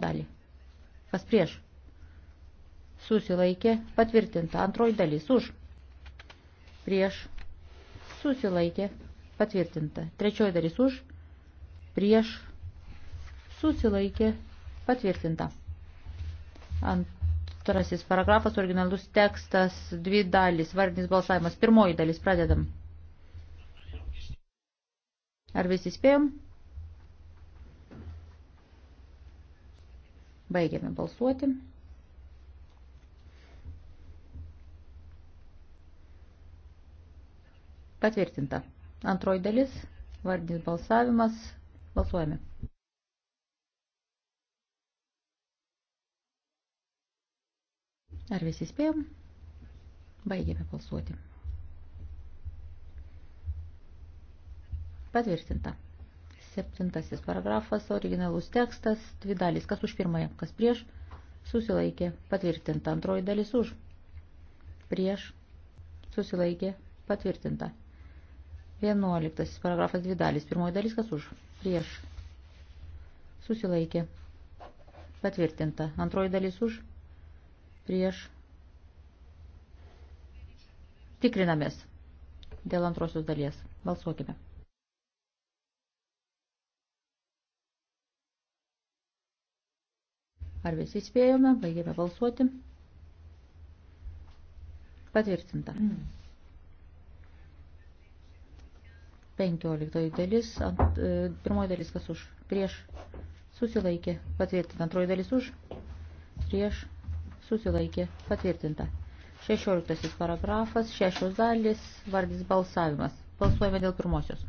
dalį. Kas prieš? Susilaikė patvirtinta. Antroji dalis už. Prieš. Susilaikė patvirtinta. Trečioji dalis už. Prieš. Susilaikė patvirtinta. Antrasis paragrafas, originalus tekstas, dvi dalis, vardinis balsavimas. Pirmoji dalis pradedam. Ar visi spėjom? Baigiame balsuoti. Patvirtinta. Antroji dalis, vardinis balsavimas, balsuojame. Ar visi spėjom? Baigėme balsuoti. Patvirtinta. Septintasis paragrafas, originalus tekstas, dvi dalys, kas už pirmąją, kas prieš, susilaikė, patvirtinta. Antroji dalis už, prieš, susilaikė, patvirtinta. Vienuoliktasis paragrafas, dvi dalys, pirmoji dalis, kas už, prieš, susilaikė, patvirtinta. Antroji dalis už, prieš, tikrinamės dėl antrosios dalies. Balsuokime. Ar visi spėjome? Baigėme balsuoti. Patvirtinta. 15 mm. dalis, ant, e, pirmoji dalis kas už, prieš, susilaikė, patvirtinta, antroji dalis už, prieš, susilaikė, patvirtinta. 16 paragrafas, šešios dalis, vardys balsavimas. Balsuojame dėl pirmosios.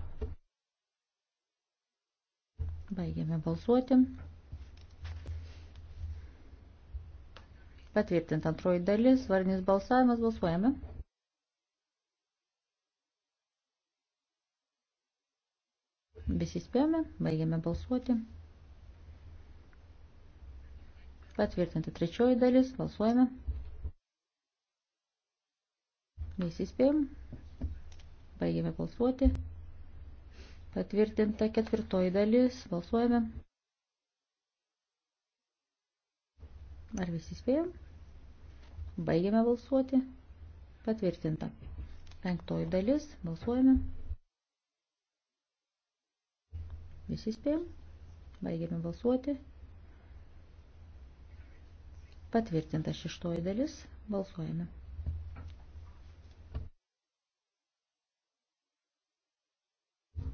Baigėme balsuoti. Patvirtinta antroji dalis, varnis balsavimas, balsuojame. Visi spėjome, baigėme balsuoti. Patvirtinta trečioji dalis, balsuojame. Visi spėjom, baigėme balsuoti. Patvirtinta ketvirtoji dalis, balsuojame. Ar visi spėjom? Baigiame balsuoti. Patvirtinta. Penktoji dalis. Balsuojame. Visi spėjom. Baigiame balsuoti. Patvirtinta šeštoji dalis. Balsuojame.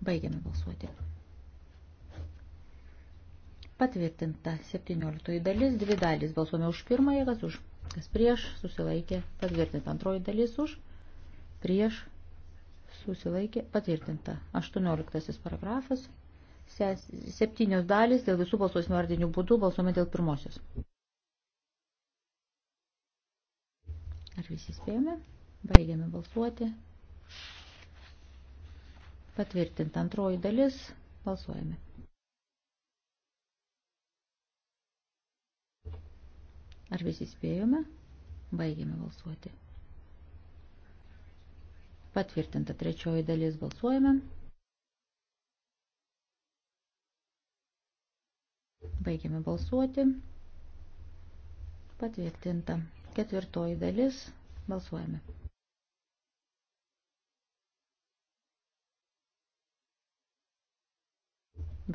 Baigiame balsuoti. Patvirtinta 17 dalis, dvi dalis. Balsuome už pirmąją, kas už, kas prieš, susilaikė. Patvirtinta antroji dalis už, prieš, susilaikė. Patvirtinta 18 paragrafas. Septynios dalis dėl visų balsuosnių vardinių būdų balsuome dėl pirmosios. Ar visi spėjome? Baigiame balsuoti. Patvirtinta antroji dalis. Balsuojame. Ar visi spėjome? Baigėme balsuoti. Patvirtinta trečioji dalis balsuojame. Baigėme balsuoti. Patvirtinta ketvirtoji dalis balsuojame.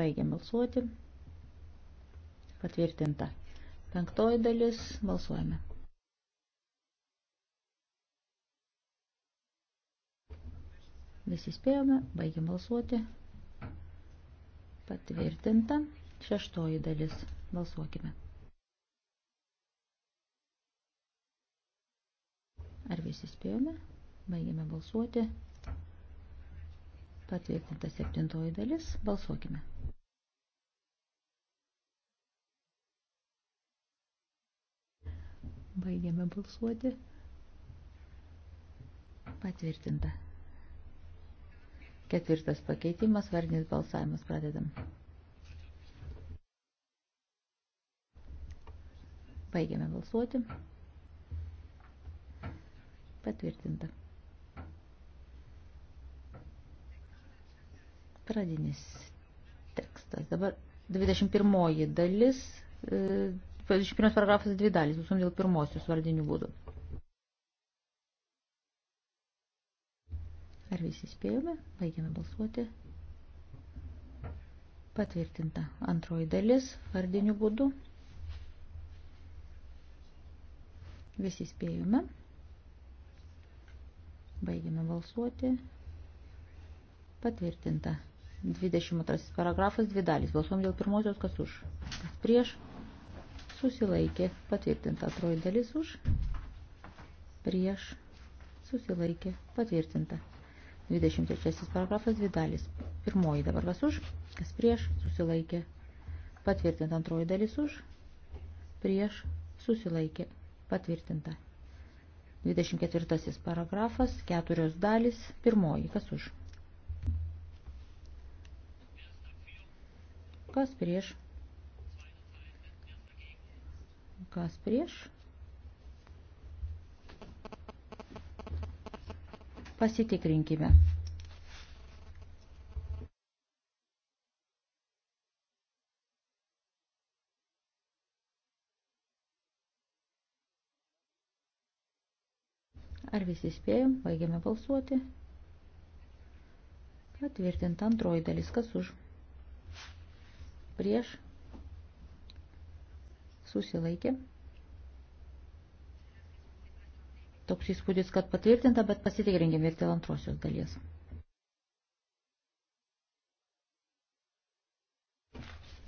Baigiam balsuoti. Patvirtinta Penktoji dalis. Balsuojame. Visi spėjome. Baigiam balsuoti. Patvirtinta. Šeštoji dalis. Balsuokime. Ar visi spėjome? Baigiame balsuoti. Patvirtinta septintoji dalis. Balsuokime. Baigiame balsuoti. Patvirtinta. Ketvirtas pakeitimas, vardinis balsavimas, pradedam. Baigiame balsuoti. Patvirtinta. Pradinis tekstas. Dabar 21 dalis, e, Pirmas paragrafas dvi dalys, visom dėl pirmosios vardinių būdų. Ar visi spėjome? Baigiame balsuoti. Patvirtinta antroji dalis vardinių būdų. Visi spėjome. Baigiame balsuoti. Patvirtinta. 22 paragrafas, dvi dalys. Balsuom dėl pirmosios, kas už. Kas prieš susilaikė patvirtinta. Antroji dalis už, prieš, susilaikė patvirtinta. 23 paragrafas dvi dalis. Pirmoji dabar kas už, kas prieš, susilaikė patvirtinta. Antroji dalis už, prieš, susilaikė patvirtinta. 24 paragrafas, keturios dalis, pirmoji, kas už. Kas prieš kas prieš. Pasitikrinkime. Ar visi spėjom? Baigiame balsuoti. Patvirtinta antroji dalis, kas už. Prieš susilaikė. Toks įspūdis, kad patvirtinta, bet pasitikrinkime ir dėl antrosios dalies.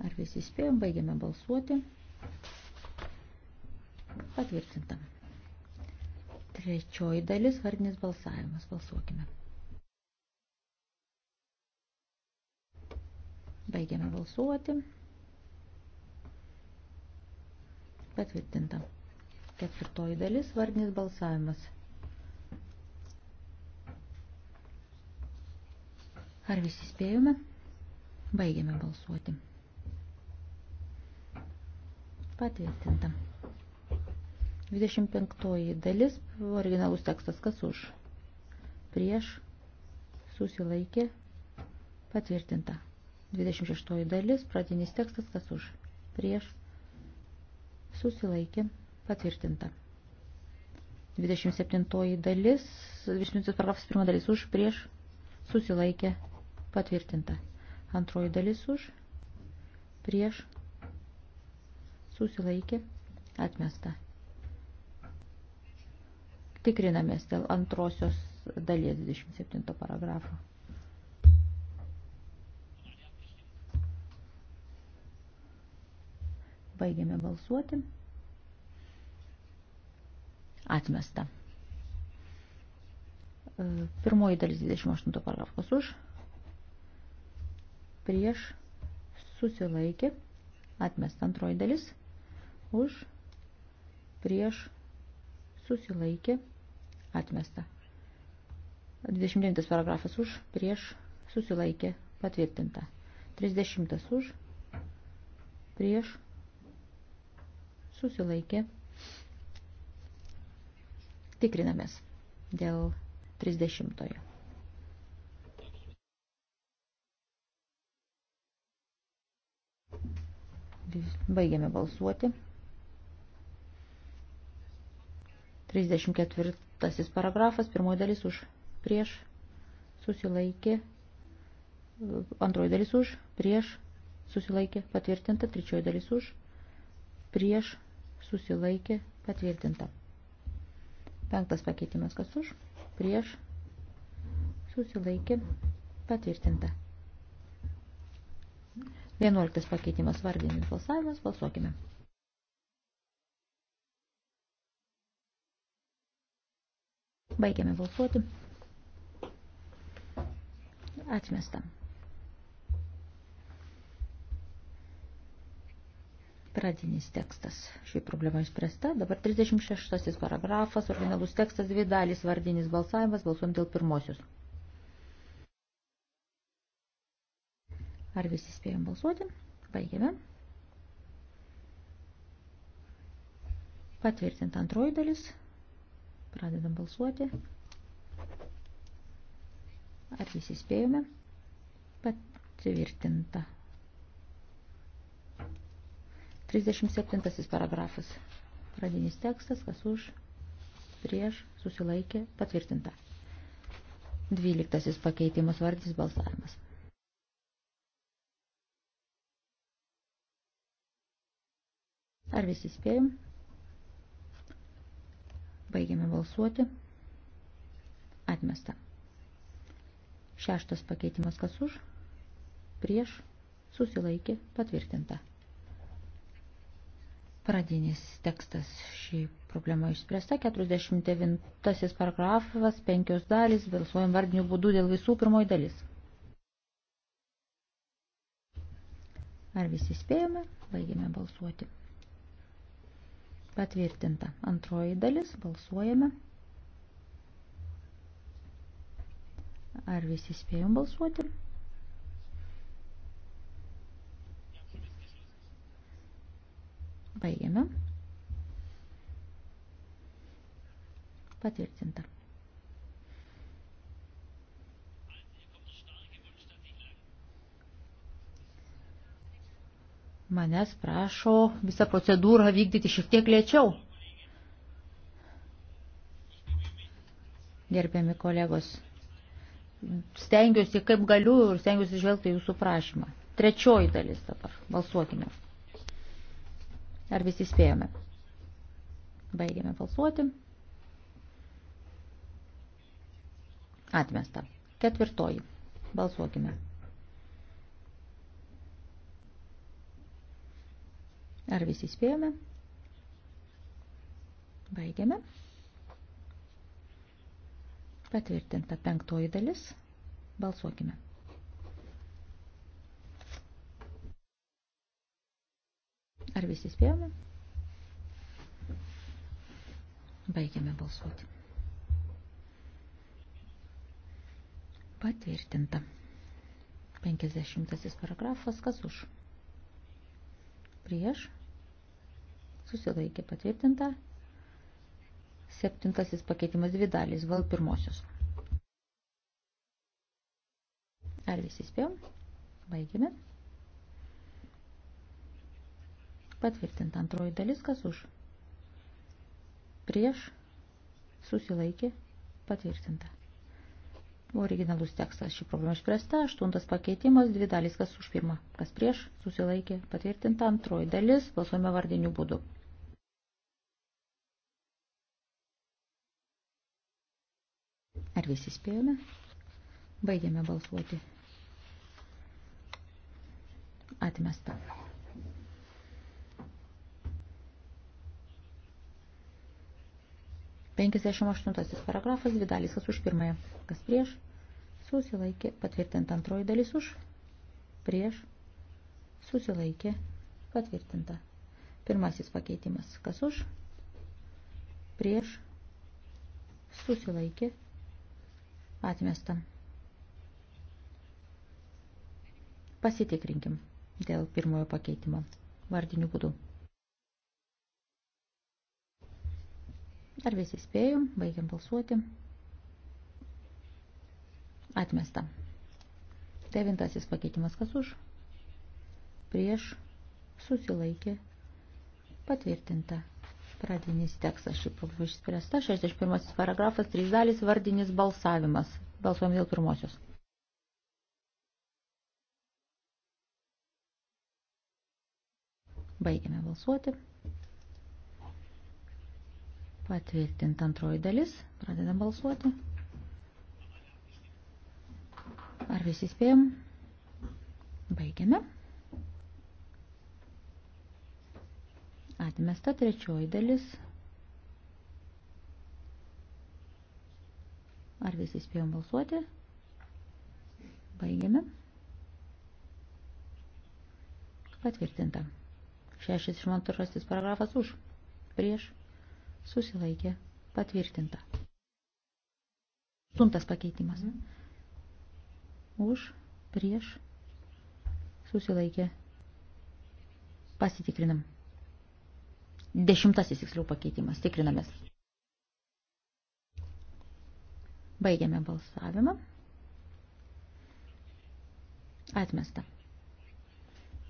Ar visi spėjom, baigiame balsuoti. Patvirtinta. Trečioji dalis, vardinis balsavimas. Balsuokime. Baigiame balsuoti. Patvirtinta. Ketvirtoji dalis vardinis balsavimas. Ar visi spėjome? Baigiame balsuoti. Patvirtinta. 25 dalis, originalus tekstas kas už. Prieš, susilaikė, patvirtinta. 26 dalis, pradinis tekstas kas už. Prieš, susilaikė patvirtinta. 27 dalis, 20 paragrafas pirma dalis už, prieš, susilaikė, patvirtinta. Antroji dalis už, prieš, susilaikė, atmesta. Tikrinamės dėl antrosios dalies 27 paragrafo. Baigiame balsuoti. Atmesta. Pirmoji dalis 28 paragrafos už. Prieš susilaikė. Atmesta antroji dalis. Už. Prieš susilaikė. Atmesta. 29 paragrafas už. Prieš susilaikė. Patvirtinta. 30 už. Prieš susilaikė. Tikrinamės dėl 30. Baigiame balsuoti. 34 paragrafas, pirmoji dalis už prieš, susilaikė, antroji dalis už, prieš, susilaikė, patvirtinta, trečioji dalis už, prieš, susilaikė, patvirtinta. Penktas pakeitimas kas už, prieš, susilaikė, patvirtinta. Vienuoliktas pakeitimas vardinis balsavimas, balsuokime. Baigiame balsuoti. Atmestam. Pradinis tekstas. Šį problemą išspręsta. Dabar 36 paragrafas, originalus tekstas, dvi dalys, vardinis balsavimas, balsuom dėl pirmosios. Ar visi spėjom balsuoti? Baigėme. Patvirtinta antroji dalis. Pradedam balsuoti. Ar visi spėjome? Patvirtinta. 37 paragrafas. Pradinis tekstas, kas už, prieš, susilaikė, patvirtinta. 12 pakeitimas vardys balsavimas. Ar visi spėjom? Baigiame balsuoti. Atmesta. Šeštas pakeitimas kas už, prieš, susilaikė, patvirtinta. Pradinis tekstas šį problemą išspręsta. 49 paragrafas, penkios dalys, balsuojam vardinių būdų dėl visų pirmoji dalis. Ar visi spėjome? Baigėme balsuoti. Patvirtinta. Antroji dalis. Balsuojame. Ar visi spėjom balsuoti? Baigiame. Patvirtinta. Manęs prašo visą procedūrą vykdyti šiek tiek lėčiau. Gerbiami kolegos, stengiuosi kaip galiu ir stengiuosi žvelgti jūsų prašymą. Trečioji dalis dabar. Balsuokime. Ar visi spėjome? Baigėme balsuoti. Atmesta. Ketvirtoji. Balsuokime. Ar visi spėjome? Baigiame. Patvirtinta penktoji dalis. Balsuokime. Ar visi spėjome? Baigiame balsuoti. Patvirtinta. 50 paragrafas. Kas už? Prieš. Susilaikė patvirtinta. Septintasis pakeitimas dvi dalys, val pirmosios. Ar visi spėjom? Baigime. Patvirtinta antroji dalis, kas už. Prieš susilaikė patvirtinta. Originalus tekstas šį problemą išspręsta. Aštuntas pakeitimas, dvi dalys, kas už pirmą, kas prieš, susilaikė patvirtinta. Antroji dalis, balsuojame vardinių būdų. Ar visi spėjome? Baigėme balsuoti. Atmesta. 58 paragrafas, dvi dalys, kas už pirmąją, kas prieš, susilaikė, patvirtinta antroji dalis už, prieš, susilaikė, patvirtinta. Pirmasis pakeitimas, kas už, prieš, susilaikė, atmesta. Pasitikrinkim dėl pirmojo pakeitimo vardinių būdų. Ar visi spėjom? Baigiam balsuoti. Atmesta. Devintasis pakeitimas kas už? Prieš susilaikė patvirtinta. Pradinis tekstas šį problemą išspręsta. 61 paragrafas, 3 dalis, vardinis balsavimas. Balsuojam dėl pirmosios. Baigiame balsuoti. Patvirtinta antroji dalis. Pradedam balsuoti. Ar visi spėjom? Baigiame. Atmesta trečioji dalis. Ar visi spėjom balsuoti? Baigiame. Patvirtinta. 62 paragrafas už. Prieš susilaikė patvirtinta. Suntas pakeitimas. Už, prieš, susilaikė. Pasitikrinam. Dešimtasis tiksliau pakeitimas. Tikrinamės. Baigiame balsavimą. Atmesta.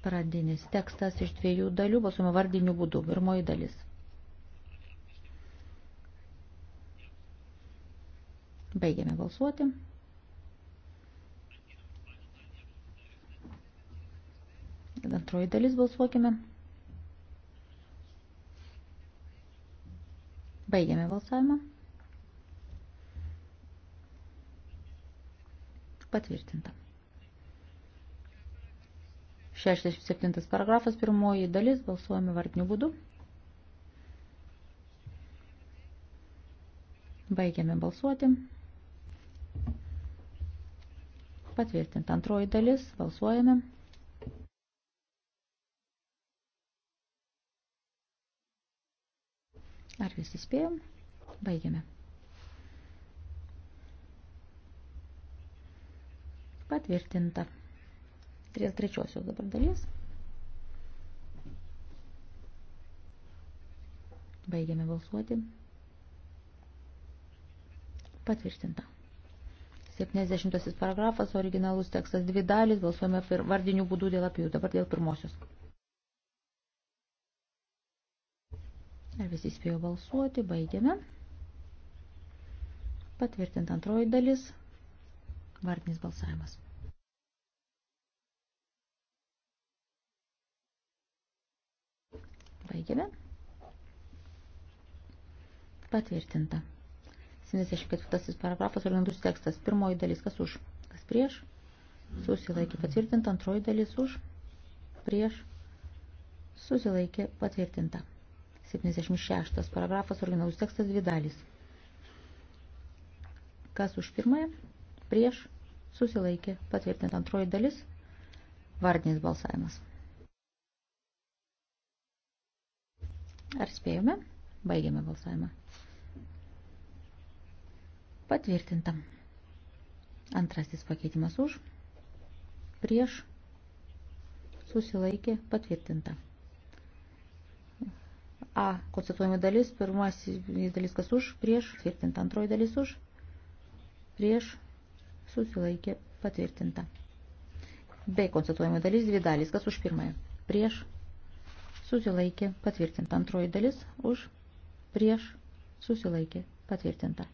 Pradinis tekstas iš dviejų dalių balsuojama vardiniu būdu. Pirmoji dalis. Baigiame balsuoti. Antroji dalis balsuokime. Baigiame balsavimą. Patvirtinta. 67 paragrafas, pirmoji dalis, balsuojame vardiniu būdu. Baigiame balsuoti. Patvirtinta antroji dalis. Balsuojame. Ar visi spėjom? Baigiame. Patvirtinta. Dėl trečiosios dabar dalies. Baigiame balsuoti. Patvirtinta. 70 paragrafas, originalus tekstas dvi dalys, balsuojame ir vardinių būdų dėl abiejų, dabar dėl pirmosios. Ar visi spėjo balsuoti, baigiame. Patvirtinta antroji dalis, vardinis balsavimas. Baigiame. Patvirtinta. 74 paragrafas, originalus tekstas, pirmoji dalis, kas už, kas prieš, susilaikė patvirtinta, antroji dalis už, prieš, susilaikė patvirtinta. 76 paragrafas, originalus tekstas, dvi dalys. Kas už pirmąją, prieš, susilaikė patvirtinta, antroji dalis, vardinis balsavimas. Ar spėjome? Baigėme balsavimą. Patvirtinta. Antrasis pakeitimas už. Prieš. Susilaikė. Patvirtinta. A. Konstatuojama dalis. Pirmasis dalis kas už. Prieš. Tvirtinta. Antroji dalis už. Prieš. Susilaikė. Patvirtinta. B. Konstatuojama dalis. Dvi dalis kas už pirmąją. Prieš. Susilaikė. Patvirtinta. Antroji dalis už. Prieš. Susilaikė. Patvirtinta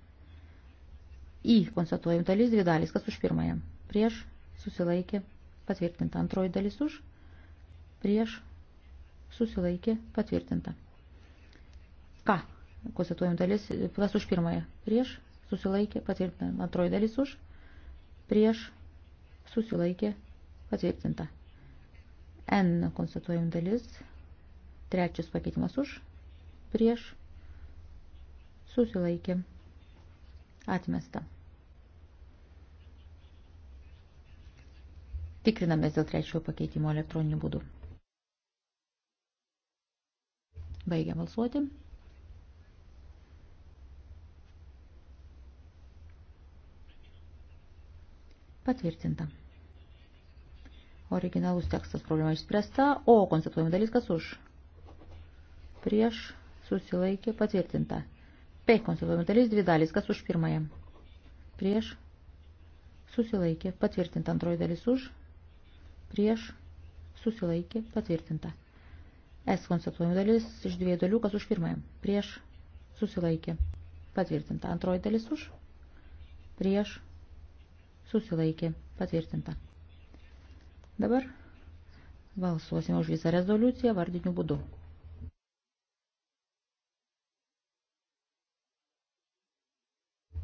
į konstatuojam dalis dvi dalys, kas už pirmąją. Prieš susilaikė patvirtinta. Antroji dalis už. Prieš susilaikė patvirtinta. Ką? Konstatuojam dalis, kas už pirmąją. Prieš susilaikė patvirtinta. Antroji dalis už. Prieš susilaikė patvirtinta. N konstatuojam dalis. Trečias pakeitimas už. Prieš susilaikė patvirtinta Atmesta. Tikrinamės dėl trečiojo pakeitimo elektroniniu būdu. Baigia balsuoti. Patvirtinta. Originalus tekstas problema išspręsta, o konceptuojama dalis kas už. Prieš susilaikė patvirtinta. P konstatuojama dalis, dvi dalys, kas už pirmąją. Prieš susilaikė, patvirtinta antroji dalis už, prieš susilaikė, patvirtinta. S konstatuojama dalis iš dviejų dalių, kas už pirmąją. Prieš susilaikė, patvirtinta. Antroji dalis už, prieš susilaikė, patvirtinta. Dabar balsuosime už visą rezoliuciją vardiniu būdu.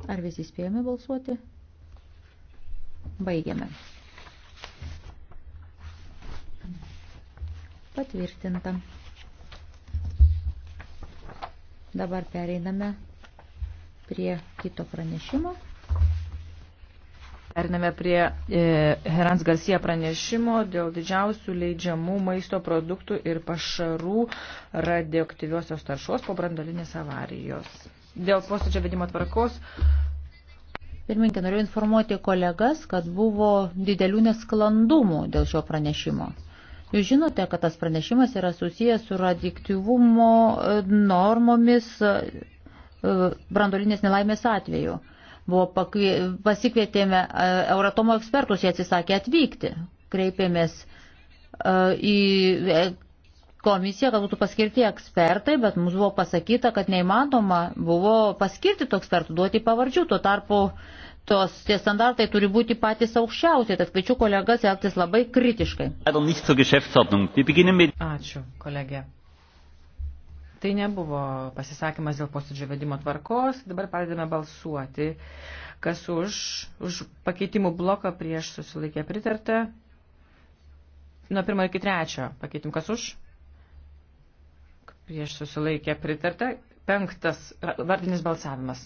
Ar visi spėjome balsuoti? Baigiame. Patvirtinta. Dabar pereiname prie kito pranešimo. Periname prie e, Herans Garcia pranešimo dėl didžiausių leidžiamų maisto produktų ir pašarų radioaktyviosios taršos po brandolinės avarijos dėl posėdžio vedimo tvarkos. Pirminkė, noriu informuoti kolegas, kad buvo didelių nesklandumų dėl šio pranešimo. Jūs žinote, kad tas pranešimas yra susijęs su radiktyvumo e, normomis e, e, brandolinės nelaimės atveju. Buvo pakvie, pasikvietėme Euratomo ekspertus, jie atsisakė atvykti. Kreipėmės į komisiją, kad būtų paskirti ekspertai, bet mums buvo pasakyta, kad neįmanoma buvo paskirti tų ekspertų, duoti pavardžių. Tuo tarpu tos, tie standartai turi būti patys aukščiausiai, tad kviečiu kolegas elgtis labai kritiškai. Ačiū, kolegė. Tai nebuvo pasisakymas dėl posėdžio vedimo tvarkos, dabar pradedame balsuoti, kas už, už pakeitimų bloką prieš susilaikė pritartą. Nuo pirmo iki trečio pakeitim, kas už? prieš susilaikę pritarta. Penktas vardinis balsavimas.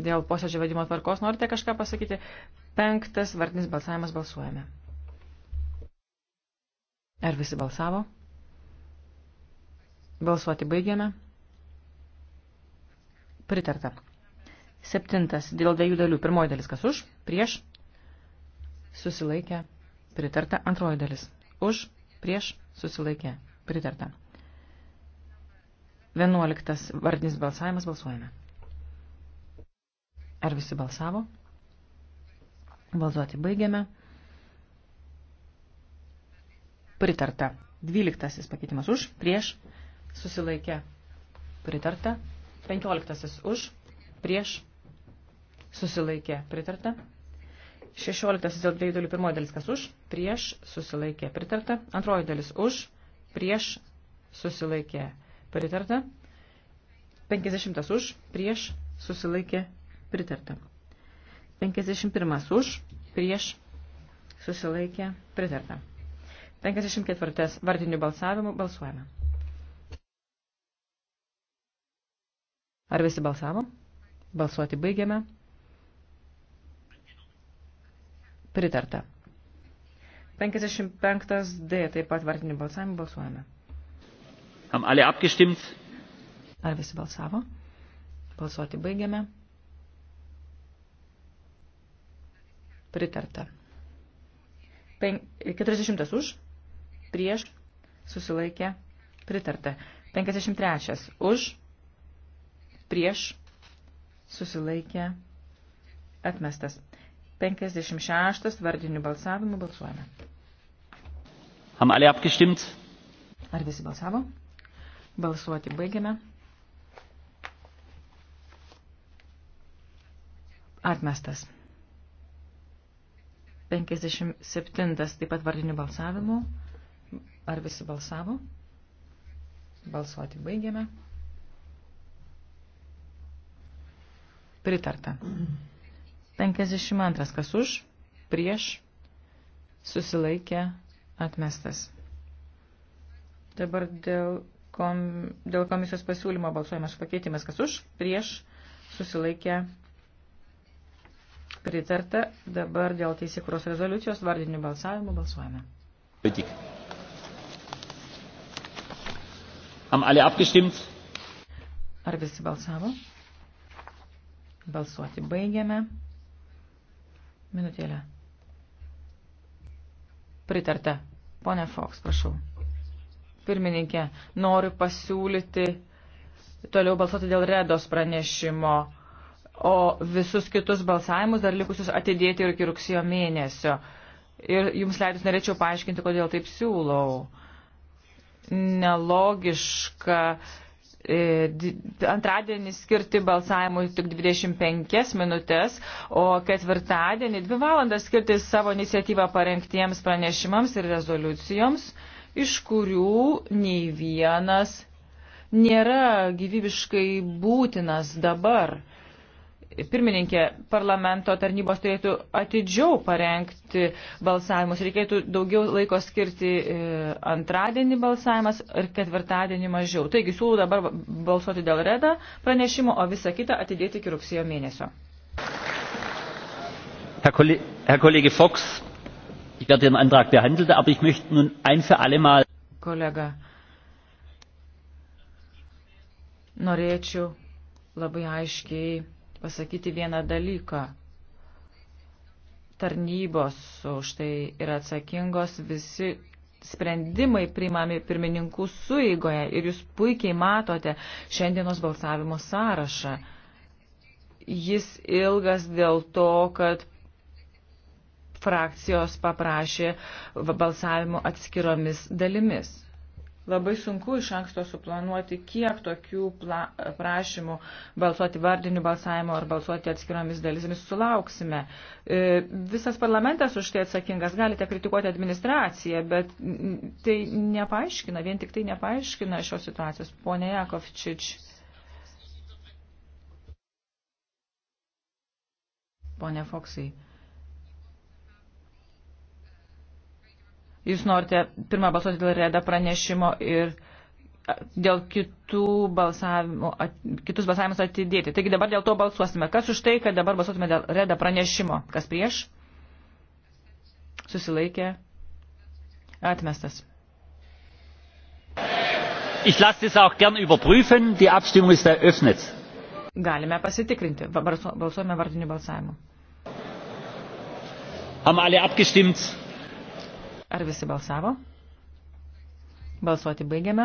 Dėl posėdžio vadimo tvarkos norite kažką pasakyti? Penktas vardinis balsavimas balsuojame. Ar visi balsavo? Balsuoti baigiame. Pritarta. Septintas. Dėl dviejų dalių. Pirmoji dalis kas už? Prieš? susilaikė, pritarta. Antroji dalis. Už, prieš, susilaikė, pritarta. Vienuoliktas vardinis balsavimas balsuojame. Ar visi balsavo? Balsuoti baigiame. Pritarta. Dvyliktasis pakeitimas už, prieš, susilaikė, pritarta. Penkioliktasis už, prieš, susilaikė, pritarta. 16 dėl dviejų dalių pirmoji dalis kas už, prieš susilaikė pritarta, antroji dalis už, prieš susilaikė pritarta, 50 už, prieš susilaikė pritarta, 51 už, prieš susilaikė pritarta, 54 vardinių balsavimų balsuojame. Ar visi balsavo? Balsuoti baigiame. Pritarta. 55D, taip pat vardinį balsavimą balsuojame. Am alle abgestimmt? Ar visi balsavo? Balsuoti baigiame. Pritarta. 40 už, prieš, susilaikė, pritarta. 53 už, prieš, susilaikė, atmestas. 56 vardinių balsavimų balsuojame. Ham alle abgestimmt? Ar visi balsavo? Balsuoti baigiame. Atmestas. 57 taip pat vardinių balsavimų. Ar visi balsavo? Balsuoti baigiame. Pritarta. Mm. 52 kas už, prieš, susilaikė, atmestas. Dabar dėl, kom, dėl komisijos pasiūlymo balsuojamas pakeitimas kas už, prieš, susilaikė, pritarta. Dabar dėl teisėkuros rezoliucijos vardinių balsavimų balsuojame. Politik. Haben alle abgestimmt? Ar visi balsavo? Balsuoti baigiame. Minutėlę. Pritarta. Pone Fox, prašau. Pirmininkė, noriu pasiūlyti toliau balsuoti dėl redos pranešimo, o visus kitus balsavimus dar likusius atidėti ir iki rugsėjo mėnesio. Ir jums leidus norėčiau paaiškinti, kodėl taip siūlau. Nelogiška E, antradienį skirti balsavimui tik 25 minutės, o ketvirtadienį 2 valandas skirti savo iniciatyvą parengtiems pranešimams ir rezoliucijoms, iš kurių nei vienas nėra gyvybiškai būtinas dabar pirmininkė, parlamento tarnybos turėtų atidžiau parengti balsavimus. Reikėtų daugiau laiko skirti e, antradienį balsavimas ir ketvirtadienį mažiau. Taigi siūlau dabar balsuoti dėl reda pranešimo, o visą kitą atidėti iki rugsėjo mėnesio. Herr Kollege Fox, ich werde Ihren Antrag behandelt, aber ich möchte nun ein für alle Mal. Kollege, norėčiau labai aiškiai pasakyti vieną dalyką. Tarnybos už tai yra atsakingos visi sprendimai priimami pirmininkų suigoje ir jūs puikiai matote šiandienos balsavimo sąrašą. Jis ilgas dėl to, kad frakcijos paprašė balsavimo atskiromis dalimis. Labai sunku iš anksto suplanuoti, kiek tokių pla, prašymų balsuoti vardiniu balsavimu ar balsuoti atskiromis dalysimis sulauksime. E, visas parlamentas už tai atsakingas, galite kritikuoti administraciją, bet tai nepaaiškina, vien tik tai nepaaiškina šios situacijos. Pone Jakovčič. Pone Foksai. Jūs norite pirmą balsuoti dėl reda pranešimo ir dėl kitų balsavimų, at, kitus balsavimus atidėti. Taigi dabar dėl to balsuosime. Kas už tai, kad dabar balsuotume dėl reda pranešimo? Kas prieš? Susilaikė. Atmestas. Ich lasse das auch gern überprüfen. Die Abstimmung ist eröffnet. Galime pasitikrinti. Balsuojame vardiniu balsavimu. Haben alle abgestimmt? Ar visi balsavo? Balsuoti baigiame.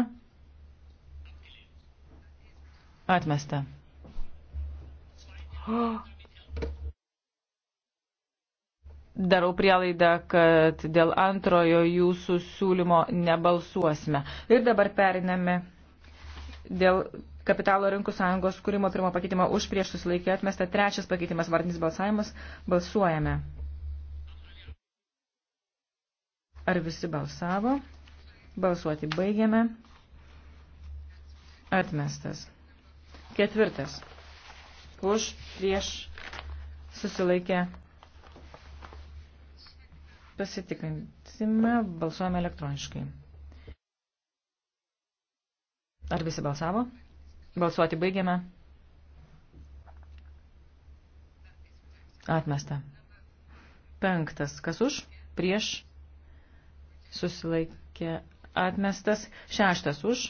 Atmesta. Darau prielaidą, kad dėl antrojo jūsų siūlymo nebalsuosime. Ir dabar periname dėl kapitalo rinkų sąjungos kūrimo pirmo pakeitimo už prieš susilaikė atmesta trečias pakeitimas vardinis balsavimas. Balsuojame. Ar visi balsavo? Balsuoti baigiame. Atmestas. Ketvirtas. Už, prieš, susilaikę. Pasitikrinsime, balsuojame elektroniškai. Ar visi balsavo? Balsuoti baigiame. Atmesta. Penktas. Kas už? Prieš susilaikė atmestas, šeštas už,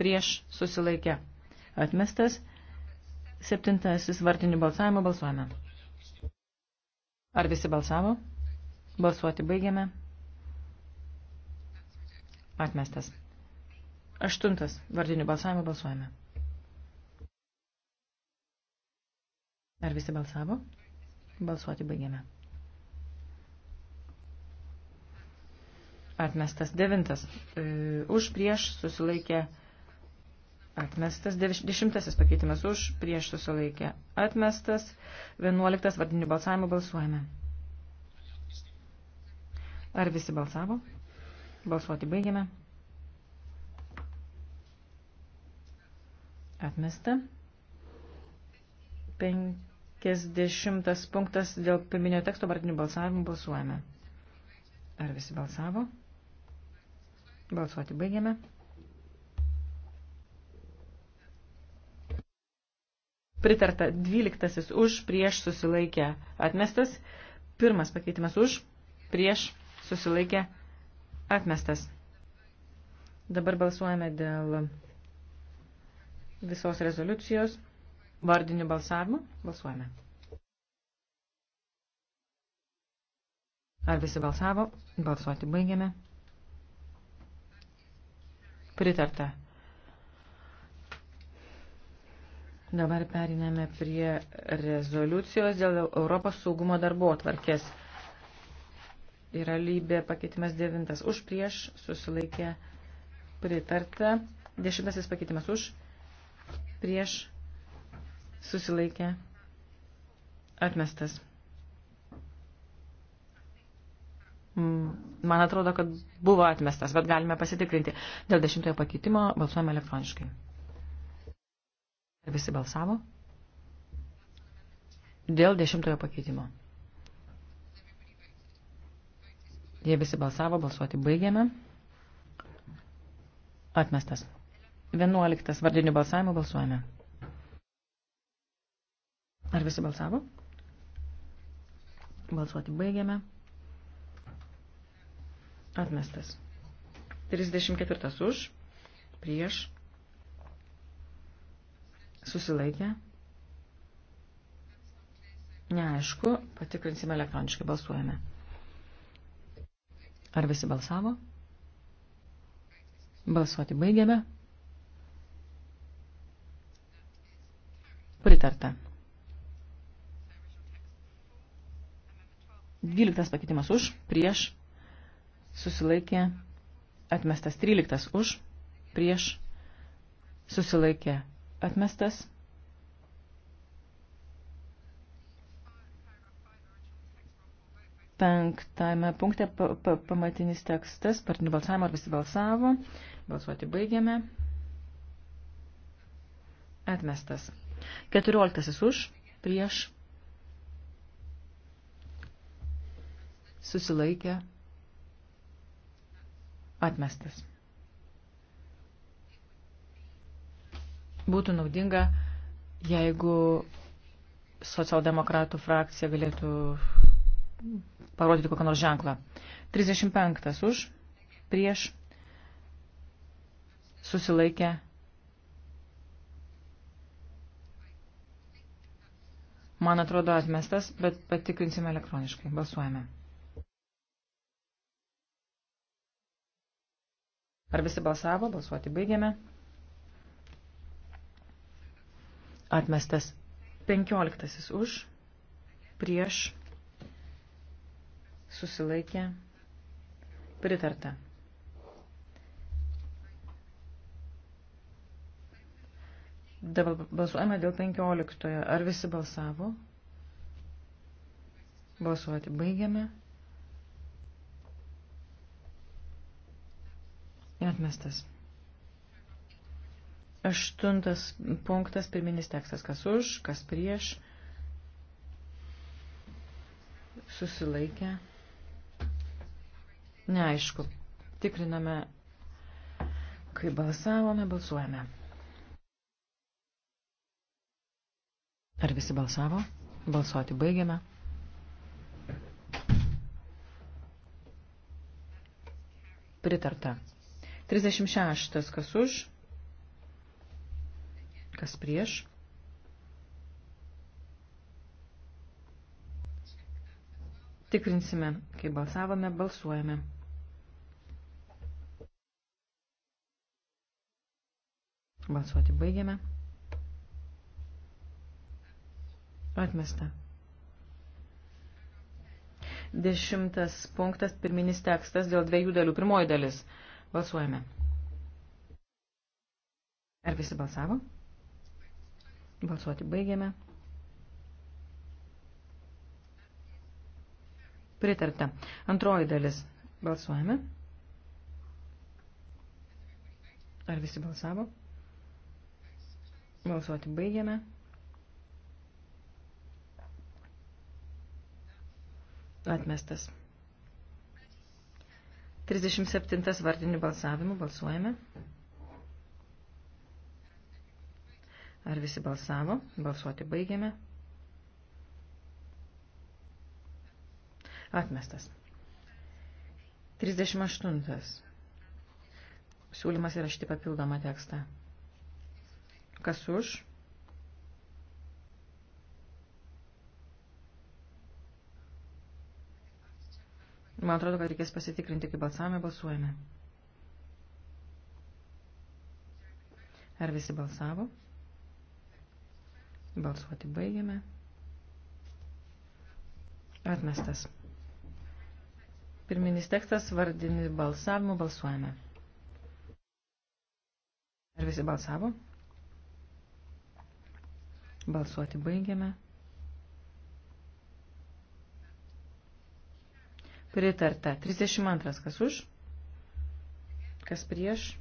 prieš susilaikė atmestas, septintasis vartinių balsavimo balsuojame. Ar visi balsavo? Balsuoti baigiame. Atmestas. Aštuntas vardinių balsavimo balsuojame. Ar visi balsavo? Balsuoti baigiame. atmestas. Devintas e, už prieš susilaikė atmestas. Dešimtasis pakeitimas už prieš susilaikė atmestas. Vienuoliktas vardinių balsavimų balsuojame. Ar visi balsavo? Balsuoti baigiame. Atmesta. 50 punktas dėl pirminio teksto vardinių balsavimų balsuojame. Ar visi balsavo? Balsuoti baigiame. Pritarta 12 už, prieš susilaikę atmestas. Pirmas pakeitimas už, prieš susilaikę atmestas. Dabar balsuojame dėl visos rezoliucijos vardiniu balsavimu. Balsuojame. Ar visi balsavo? Balsuoti baigiame. Pritarta. Dabar periname prie rezoliucijos dėl Europos saugumo darbo atvarkės. Yra lybė pakeitimas devintas už prieš, susilaikė pritarta. Dešimtasis pakeitimas už prieš, susilaikė atmestas. Mm, man atrodo, kad buvo atmestas, bet galime pasitikrinti. Dėl dešimtojo pakeitimo balsuojame elektroniškai. Ar visi balsavo? Dėl dešimtojo pakeitimo. Jie visi balsavo, balsuoti baigėme. Atmestas. Vienuoliktas vardinių balsavimų balsuojame. Ar visi balsavo? Balsuoti baigėme. Atmestas. 34 už, prieš, susilaikę. Neaišku, patikrinsime elektroniškai, balsuojame. Ar visi balsavo? Balsuoti baigiame. Pritarta. 12 pakeitimas už, prieš, susilaikė, atmestas 13 už, prieš, susilaikė, atmestas. Penktame punkte pa, pa, pamatinis tekstas, partinių balsavimo ar visi balsavo, balsuoti baigėme, atmestas. Keturioliktasis už, prieš, susilaikė, atmestas Atmestas. Būtų naudinga, jeigu socialdemokratų frakcija galėtų parodyti kokią nors ženklą. 35 už, prieš, susilaikę. Man atrodo atmestas, bet patikrinsime elektroniškai. Balsuojame. Ar visi balsavo? Balsuoti baigiame. Atmestas. Penkioliktasis už, prieš, susilaikė, pritarta. Dabar balsuojame dėl penkioliktojo. Ar visi balsavo? Balsuoti baigiame. Atmestas. Aštuntas punktas, pirminis tekstas, kas už, kas prieš, susilaikę. Neaišku, tikriname, kai balsavome, balsuojame. Ar visi balsavo? Balsuoti baigiame. Pritarta. 36. Kas už? Kas prieš? Tikrinsime, kai balsavome, balsuojame. Balsuoti baigiame. Atmesta. Dešimtas punktas, pirminis tekstas dėl dviejų dalių. Pirmoji dalis. Balsuojame. Ar visi balsavo? Balsuoti baigiame. Pritarta. Antroji dalis. Balsuojame. Ar visi balsavo? Balsuoti baigiame. Atmestas. 37 vardinių balsavimų balsuojame. Ar visi balsavo? Balsuoti baigėme. Atmestas. 38. Siūlymas įrašyti papildomą tekstą. Kas už? Man atrodo, kad reikės pasitikrinti, kaip balsavome, balsuojame. Ar visi balsavo? Balsuoti baigiame. Atmestas. Pirminis tekstas vardinį balsavimą balsuojame. Ar visi balsavo? Balsuoti baigiame. Pritarta. 32. Kas už? Kas prieš?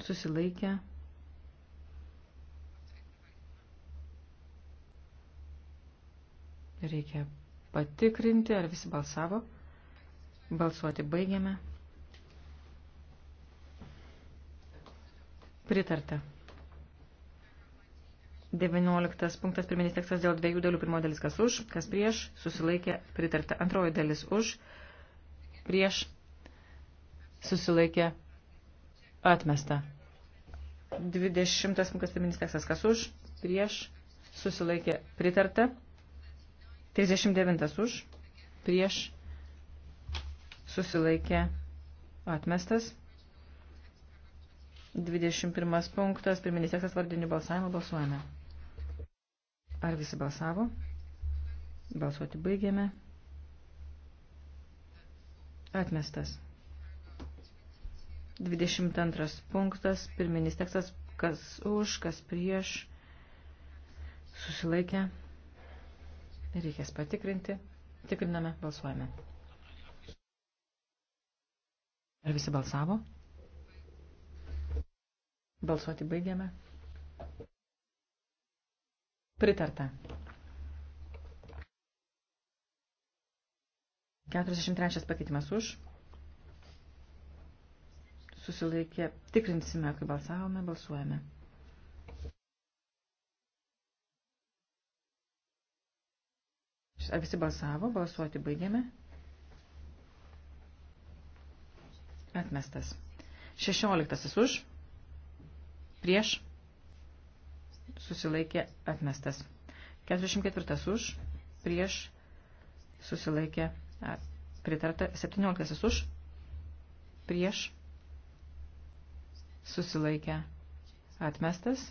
Susilaikė. Reikia patikrinti, ar visi balsavo. Balsuoti baigiame. Pritarta. 19 punktas pirminis tekstas dėl dviejų dalių. Pirmo dalis kas už, kas prieš, susilaikė, pritarta. Antroji dalis už, prieš, susilaikė, atmesta. 20 punktas pirminis tekstas kas už, prieš, susilaikė, pritarta. 39 už, prieš, susilaikė, atmestas. 21 punktas, pirminis tekstas vardinių balsavimo balsuojame. Ar visi balsavo? Balsuoti baigėme. Atmestas. 22 punktas, pirminis tekstas, kas už, kas prieš, susilaikę, reikės patikrinti, tikriname, balsuojame. Ar visi balsavo? Balsuoti baigėme. Pritarta. 43 pakeitimas už. Susilaikė. Tikrinsime, kai balsavome, balsuojame. Ar visi balsavo? Balsuoti baigėme. Atmestas. 16 už. Prieš susilaikė atmestas. 44 už, prieš susilaikė pritarta. 17 už, prieš susilaikė atmestas.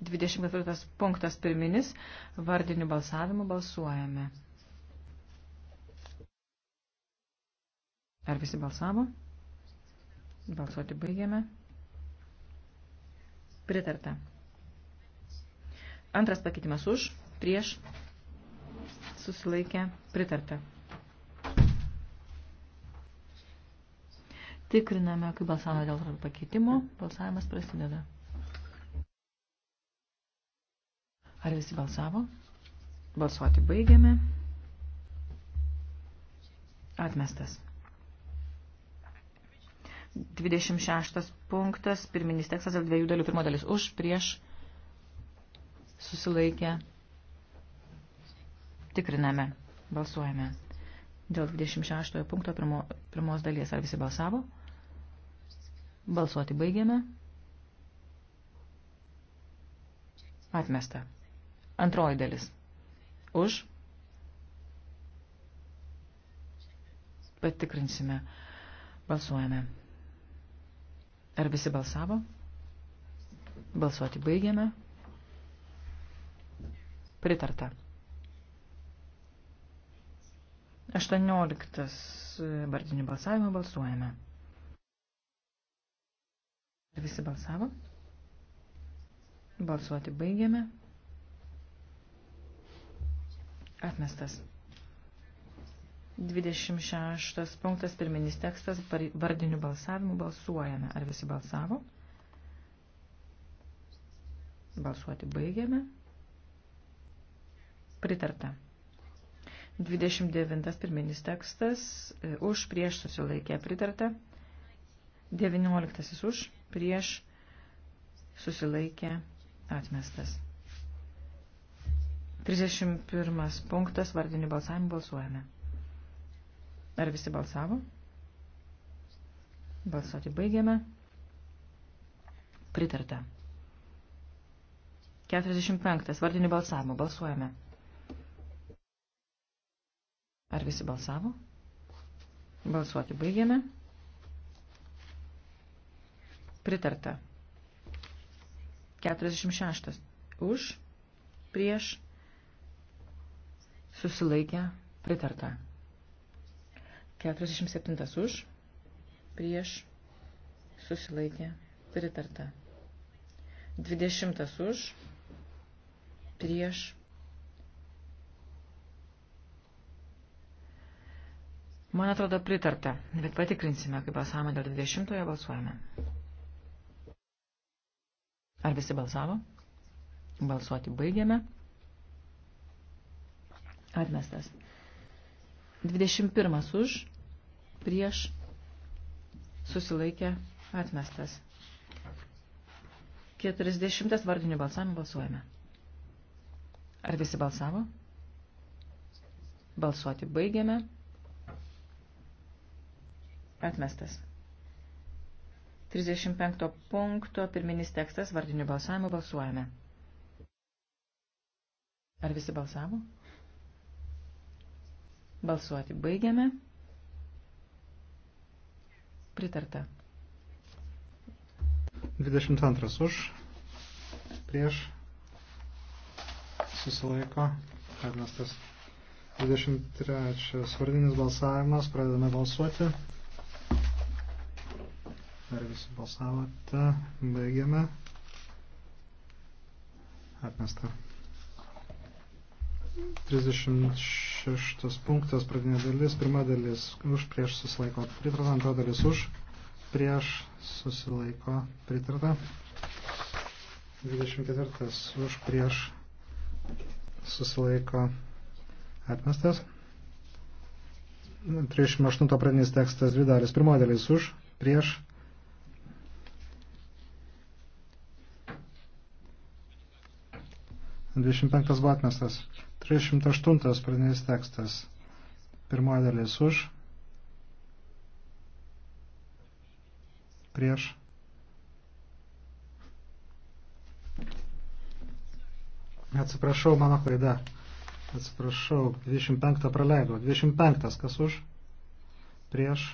24 punktas pirminis, vardiniu balsavimu balsuojame. Ar visi balsavo? Balsuoti baigėme. Pritarta. Antras pakeitimas už, prieš, susilaikę, pritarta. Tikriname, kaip balsavome dėl pakeitimo. Balsavimas prasideda. Ar visi balsavo? Balsuoti baigiame. Atmestas. 26 punktas, pirminis tekstas dėl dviejų dalių. Pirmo dalis už, prieš, susilaikę. Tikriname, balsuojame. Dėl 26 punkto pirmo, pirmos dalies ar visi balsavo? Balsuoti baigėme. Atmesta. Antroji dalis. Už. Patikrinsime. Balsuojame. Ar visi balsavo? Balsuoti baigiame. Pritarta. 18. E, vardinių balsavimą balsuojame. Ar visi balsavo? Balsuoti baigiame. Atmestas. 26 punktas, pirminis tekstas, vardinių balsavimų balsuojame. Ar visi balsavo? Balsuoti baigiame. Pritarta. 29 pirminis tekstas, e, už prieš susilaikė pritarta. 19 už prieš susilaikė atmestas. 31 punktas, vardinių balsavimų balsuojame. Ar visi balsavo? Balsuoti baigiame. Pritarta. 45. Vardinių balsavimų. Balsuojame. Ar visi balsavo? Balsuoti baigiame. Pritarta. 46. Už, prieš, susilaikę, pritarta. 47 už, prieš, susilaikė, pritarta. 20 už, prieš. Man atrodo pritarta, bet patikrinsime, kaip balsavome dėl 20-ojo balsuojame. Ar visi balsavo? Balsuoti baigėme. Atmestas. 21 už, prieš susilaikė atmestas. 40 vardinių balsavimų balsuojame. Ar visi balsavo? Balsuoti baigiame. Atmestas. 35 punkto pirminis tekstas vardinių balsavimų balsuojame. Ar visi balsavo? Balsuoti baigiame. Pritarta. 22 už. Prieš. Susilaiko. Atmestas. 23 vardinis balsavimas. Pradedame balsuoti. Ar visi balsavote? Baigiame. Atmesta. 36 punktas, pradinė dalis, pirma dalis už prieš susilaiko pritarta, antra dalis už prieš susilaiko pritarta, 24 už prieš susilaiko atmestas, 38 pradinis tekstas, dvi dalis, pirmoji dalis už prieš 25 buvo atmestas. 38 pradinis tekstas. Pirmoji dalis už. Prieš. Atsiprašau, mano klaida. Atsiprašau, 25 praleidau. 25, kas už? Prieš.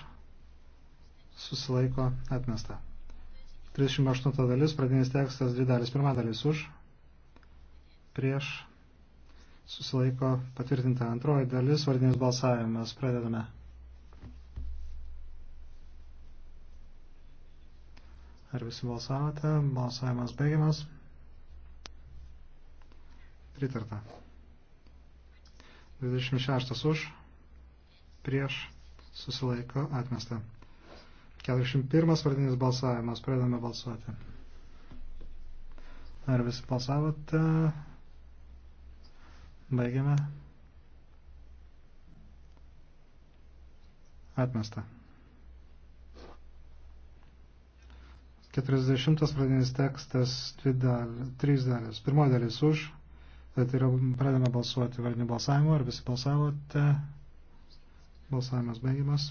Susilaiko atmesta. 38 dalis, pradinis tekstas, dvi dalis. Pirma dalis už prieš susilaiko patvirtinta antroji dalis, vardinis balsavimas, pradedame. Ar visi balsavote? Balsavimas baigiamas. Pritarta. 26 už, prieš, susilaiko, atmesta. 41 vardinis balsavimas, pradedame balsuoti. Ar visi balsavote? Baigiame. Atmesta. 40 pradinis tekstas, 3 dali, dalis. Pirmoji dalis už, tai yra pradėme balsuoti vardinį balsavimą, ar visi balsavote. Balsavimas baigimas.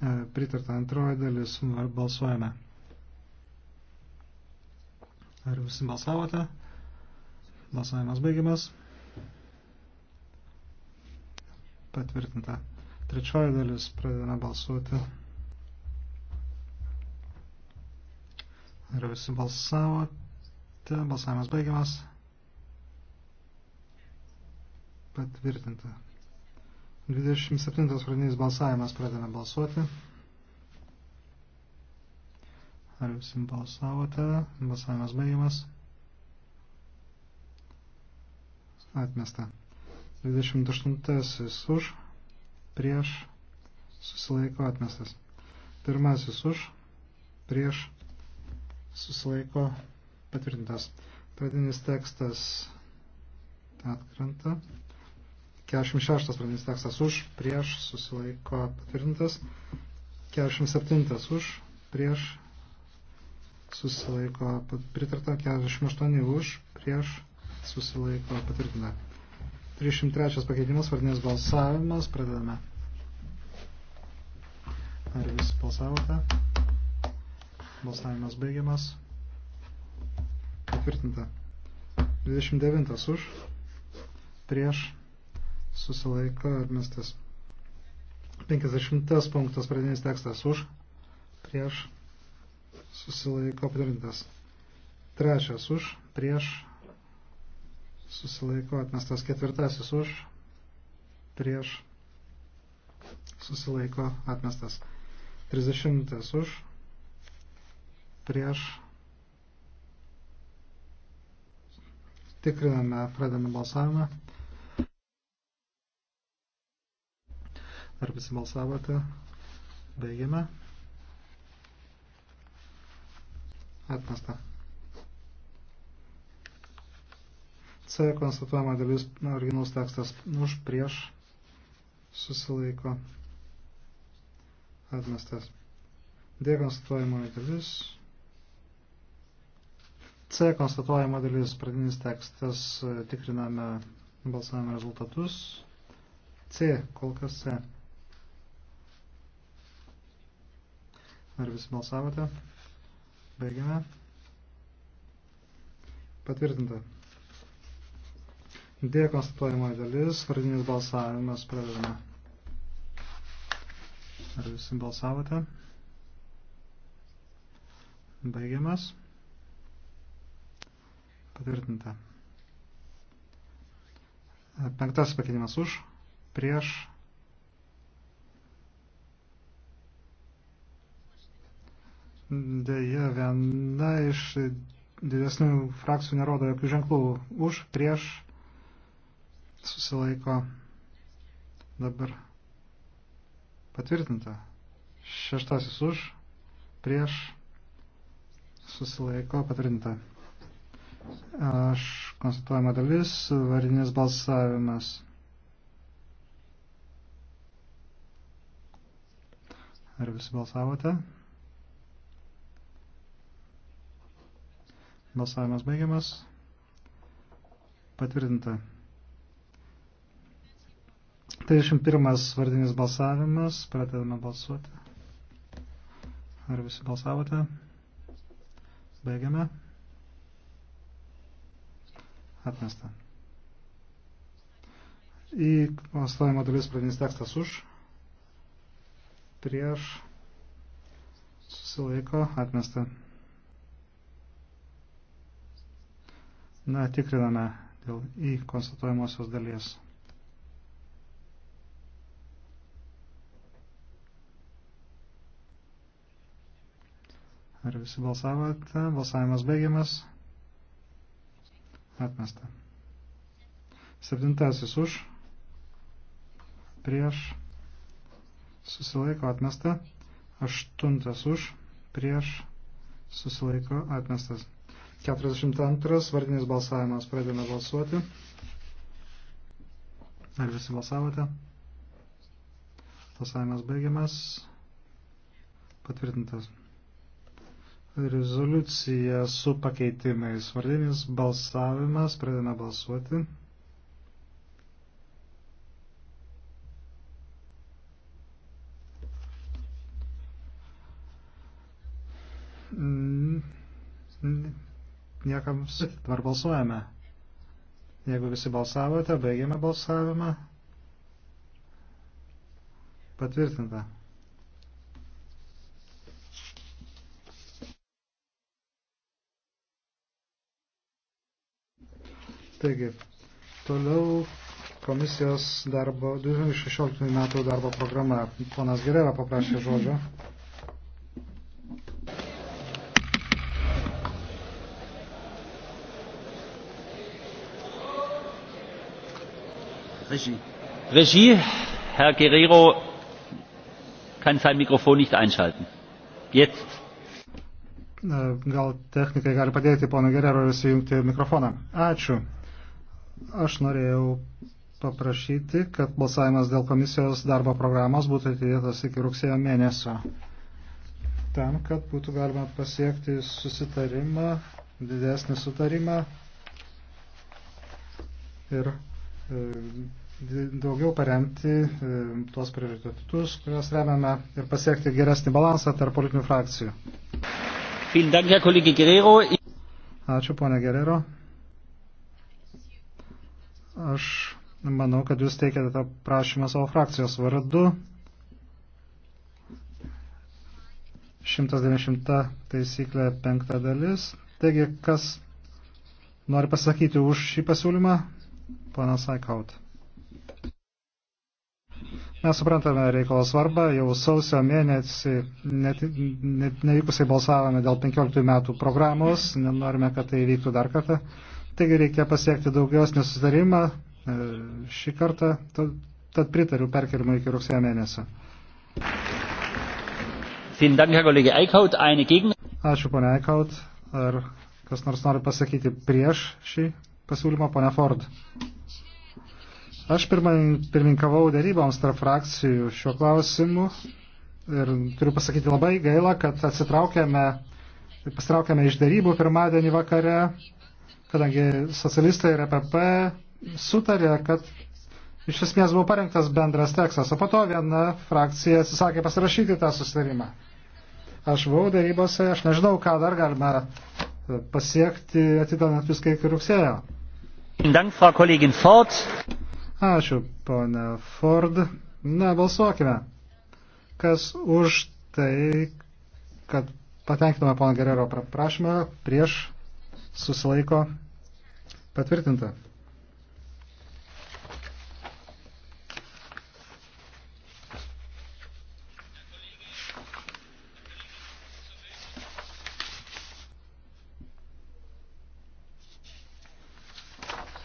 E, pritarta antroji dalis, nu, balsuojame. Ar visi balsavote? Balsavimas baigiamas. Patvirtinta. Trečioji dalis pradedame balsuoti. Ar visi balsavote? Balsavimas baigiamas. Patvirtinta. 27 pradinis balsavimas pradedame balsuoti. Ar visi balsavote? Balsavimas baigiamas. atmesta. 28 už, prieš, susilaiko atmestas. Pirmasis už, prieš, susilaiko patvirtintas. Pradinis tekstas atkrenta. 46 pradinis tekstas už, prieš, susilaiko patvirtintas. 47 už, prieš, susilaiko pritarta. 48 už, prieš, susilaiko patvirtina. 303 pakeitimas, vardinės balsavimas, pradedame. Ar visi balsavote? Balsavimas baigiamas. Patvirtinta. 29 už, prieš, susilaiko atmestas. 50 punktas pradinis tekstas už, prieš, susilaiko patvirtintas. Trečias už, prieš, susilaiko atmestas ketvirtasis už, prieš, susilaiko atmestas trisdešimtas už, prieš, tikriname, pradame balsavimą. Ar visi balsavote? Baigiame. Atmesta. C konstatuojama dalis originalus tekstas už prieš susilaiko atmestas. D konstatuojama dalis. C konstatuojama dalis pradinis tekstas tikriname balsavimo rezultatus. C kol kas C. Ar visi balsavote? Baigiame. Patvirtinta. D konstatuojama dalis, vardinis balsavimas pradedame. Ar visi balsavote? Baigiamas. Patvirtinta. Penktas pakeitimas už, prieš. Deja, viena iš didesnių frakcijų nerodo jokių ženklų už, prieš susilaiko dabar patvirtinta. Šeštasis už, prieš, susilaiko patvirtinta. Aš konstatuojama dalis, varinis balsavimas. Ar visi balsavote? Balsavimas baigiamas. Patvirtinta. 31 vardinis balsavimas, pradedame balsuoti. Ar visi balsavote? Baigiame. Atmesta. Į konstatuojimo dalis pradinis tekstas už, prieš, susilaiko, atmesta. Na, tikriname dėl į konstatuojamosios dalies. Ar visi balsavote? Balsavimas baigiamas. Atmesta. Septintasis už. Prieš. Susilaiko atmesta. Aštuntas už. Prieš. Susilaiko atmestas. 42 vardinis balsavimas. Pradėjome balsuoti. Ar visi balsavote? Balsavimas baigiamas. Patvirtintas rezoliucija su pakeitimais. Vardinis balsavimas, pradėme balsuoti. Mm. Niekam dabar balsuojame. Jeigu visi balsavote, baigėme balsavimą. Patvirtinta. Taigi, toliau komisijos darbo, 2016 metų darbo programa. Ponas Gerėra paprašė žodžio. Regie. Regie, Herr Guerrero kann sein Mikrofon nicht einschalten. Jetzt. Gal technikai gali padėti pono Gerero įsijungti mikrofoną. Ačiū. Aš norėjau paprašyti, kad balsavimas dėl komisijos darbo programos būtų atidėtas iki rugsėjo mėnesio. Tam, kad būtų galima pasiekti susitarimą, didesnį sutarimą ir e, daugiau paremti e, tuos prioritetus, kuriuos remiame ir pasiekti geresnį balansą tarp politinių frakcijų. Ačiū, ponia Gerero. Aš manau, kad jūs teikėte tą prašymą savo frakcijos vardu. 190 taisyklė penkta dalis. Taigi, kas nori pasakyti už šį pasiūlymą? Panas Aikaut. Mes suprantame reikalo svarbą, jau sausio mėnesį net, net nevykusiai balsavome dėl 15 metų programos, norime, kad tai vyktų dar kartą. Taigi reikia pasiekti daugiaus nesustarimą e, šį kartą, tad pritariu perkelimui iki rugsėjo mėnesio. Ačiū, ponia Eichhaut. Ar kas nors nori pasakyti prieš šį pasiūlymą, ponia Ford? Aš pirmininkavau daryboms tarp frakcijų šiuo klausimu ir turiu pasakyti labai gaila, kad atsitraukėme, pasitraukėme iš darybų pirmadienį vakare kadangi socialistai ir EPP sutarė, kad iš esmės buvo parengtas bendras tekstas, o po to viena frakcija atsisakė pasirašyti tą susitarimą. Aš buvau darybose, aš nežinau, ką dar galime pasiekti atidant viską iki rugsėjo. Ačiū, ponė Ford. Na, balsuokime. Kas už tai, kad patenkinome pono Gerero prašymą, prieš susilaiko Patvirtinta.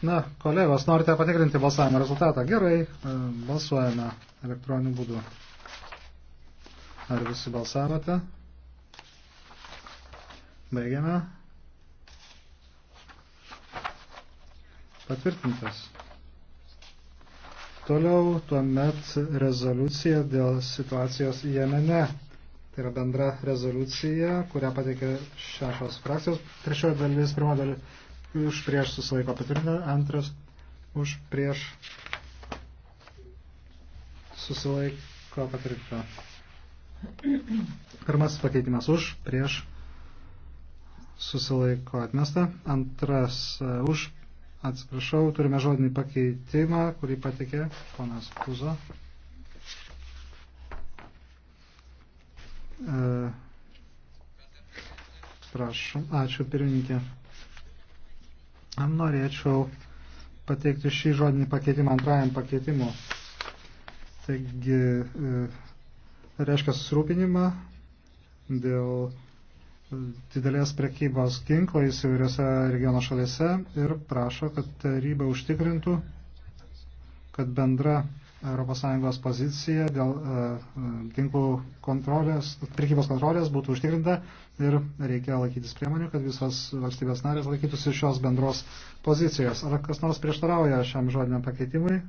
Na, kolegos, norite patikrinti balsavimo rezultatą? Gerai, e, balsuojame elektroniniu būdu. Ar visi balsavote? Baigiame. patvirtintas. Toliau tuomet rezoliucija dėl situacijos Jemene. Tai yra bendra rezoliucija, kurią pateikė šešios frakcijos. Trečioji dalis, pirmo dalis, už prieš susilaiko patvirtinta, antras už prieš susilaiko patvirtinta. Pirmasis pakeitimas už prieš susilaiko atmesta, antras uh, už Atsiprašau, turime žodinį pakeitimą, kurį patikė ponas Puzo. E, prašom, ačiū pirmininkė. Norėčiau pateikti šį žodinį pakeitimą antrajam pakeitimu. Taigi, e, reiškia susirūpinimą dėl didelės prekybos ginklais įvairiose regiono šalise ir prašo, kad taryba užtikrintų, kad bendra ES pozicija dėl e, e, ginklų kontrolės, prekybos kontrolės būtų užtikrinta ir reikia laikytis priemonių, kad visos valstybės narės laikytųsi šios bendros pozicijos. Ar kas nors prieštarauja šiam žodiniam pakeitimui?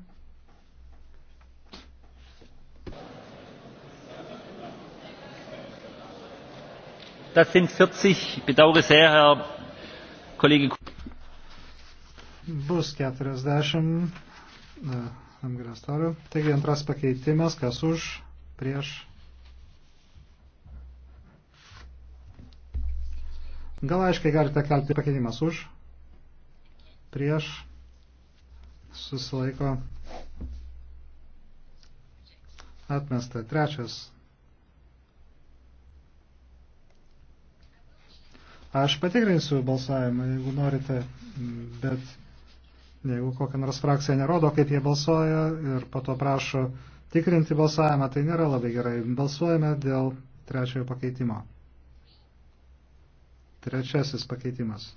Das sind 40, ich bedauere sehr, Herr Kollege. Bus 40, apgrastauju. Taigi antras pakeitimas, kas už, prieš. Gal aiškiai galite kelti pakeitimas už, prieš, susilaiko, atmesta. Trečias Aš patikrinsiu balsavimą, jeigu norite, bet jeigu kokia nors frakcija nerodo, kaip jie balsuoja ir po to prašo tikrinti balsavimą, tai nėra labai gerai. Balsuojame dėl trečiojo pakeitimo. Trečiasis pakeitimas.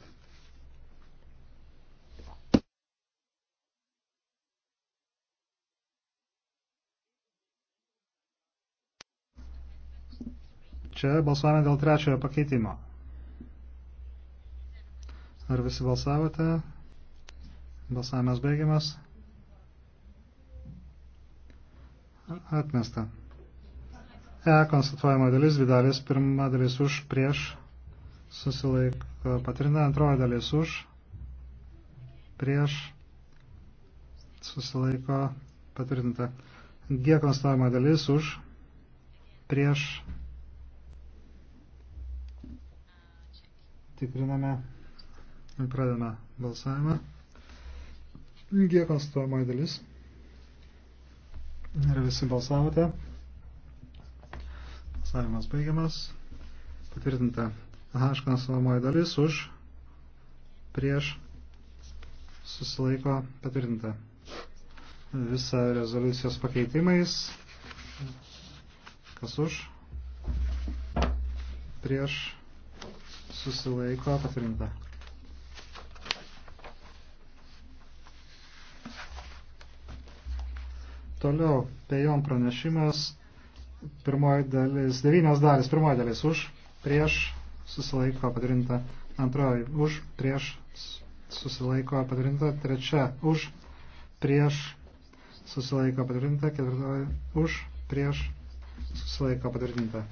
Čia balsuojame dėl trečiojo pakeitimo. Ar visi balsavote? Balsavimas baigiamas. Atmesta. E konstatuojama dalis, dvi dalis, pirma dalis už, prieš, susilaiko patrina, antroji dalis už, prieš, susilaiko patvirtinta. G konstatuojama dalis už, prieš, tikriname. Pradedame balsavimą. G konstatuojamoji dalis. Ir visi balsavote. Balsavimas baigiamas. Patvirtinta H konstatuojamoji dalis už prieš susilaiko patvirtinta. Visa rezoliucijos pakeitimais. Kas už? Prieš susilaiko patvirtinta. Toliau, pejon pranešimas, pirmoji dalis, devynios dalis, pirmoji dalis už, prieš, susilaiko padarinta, antroji už, prieš, susilaiko padarinta, trečia už, prieš, susilaiko padarinta, ketvirtoji už, prieš, susilaiko padarinta.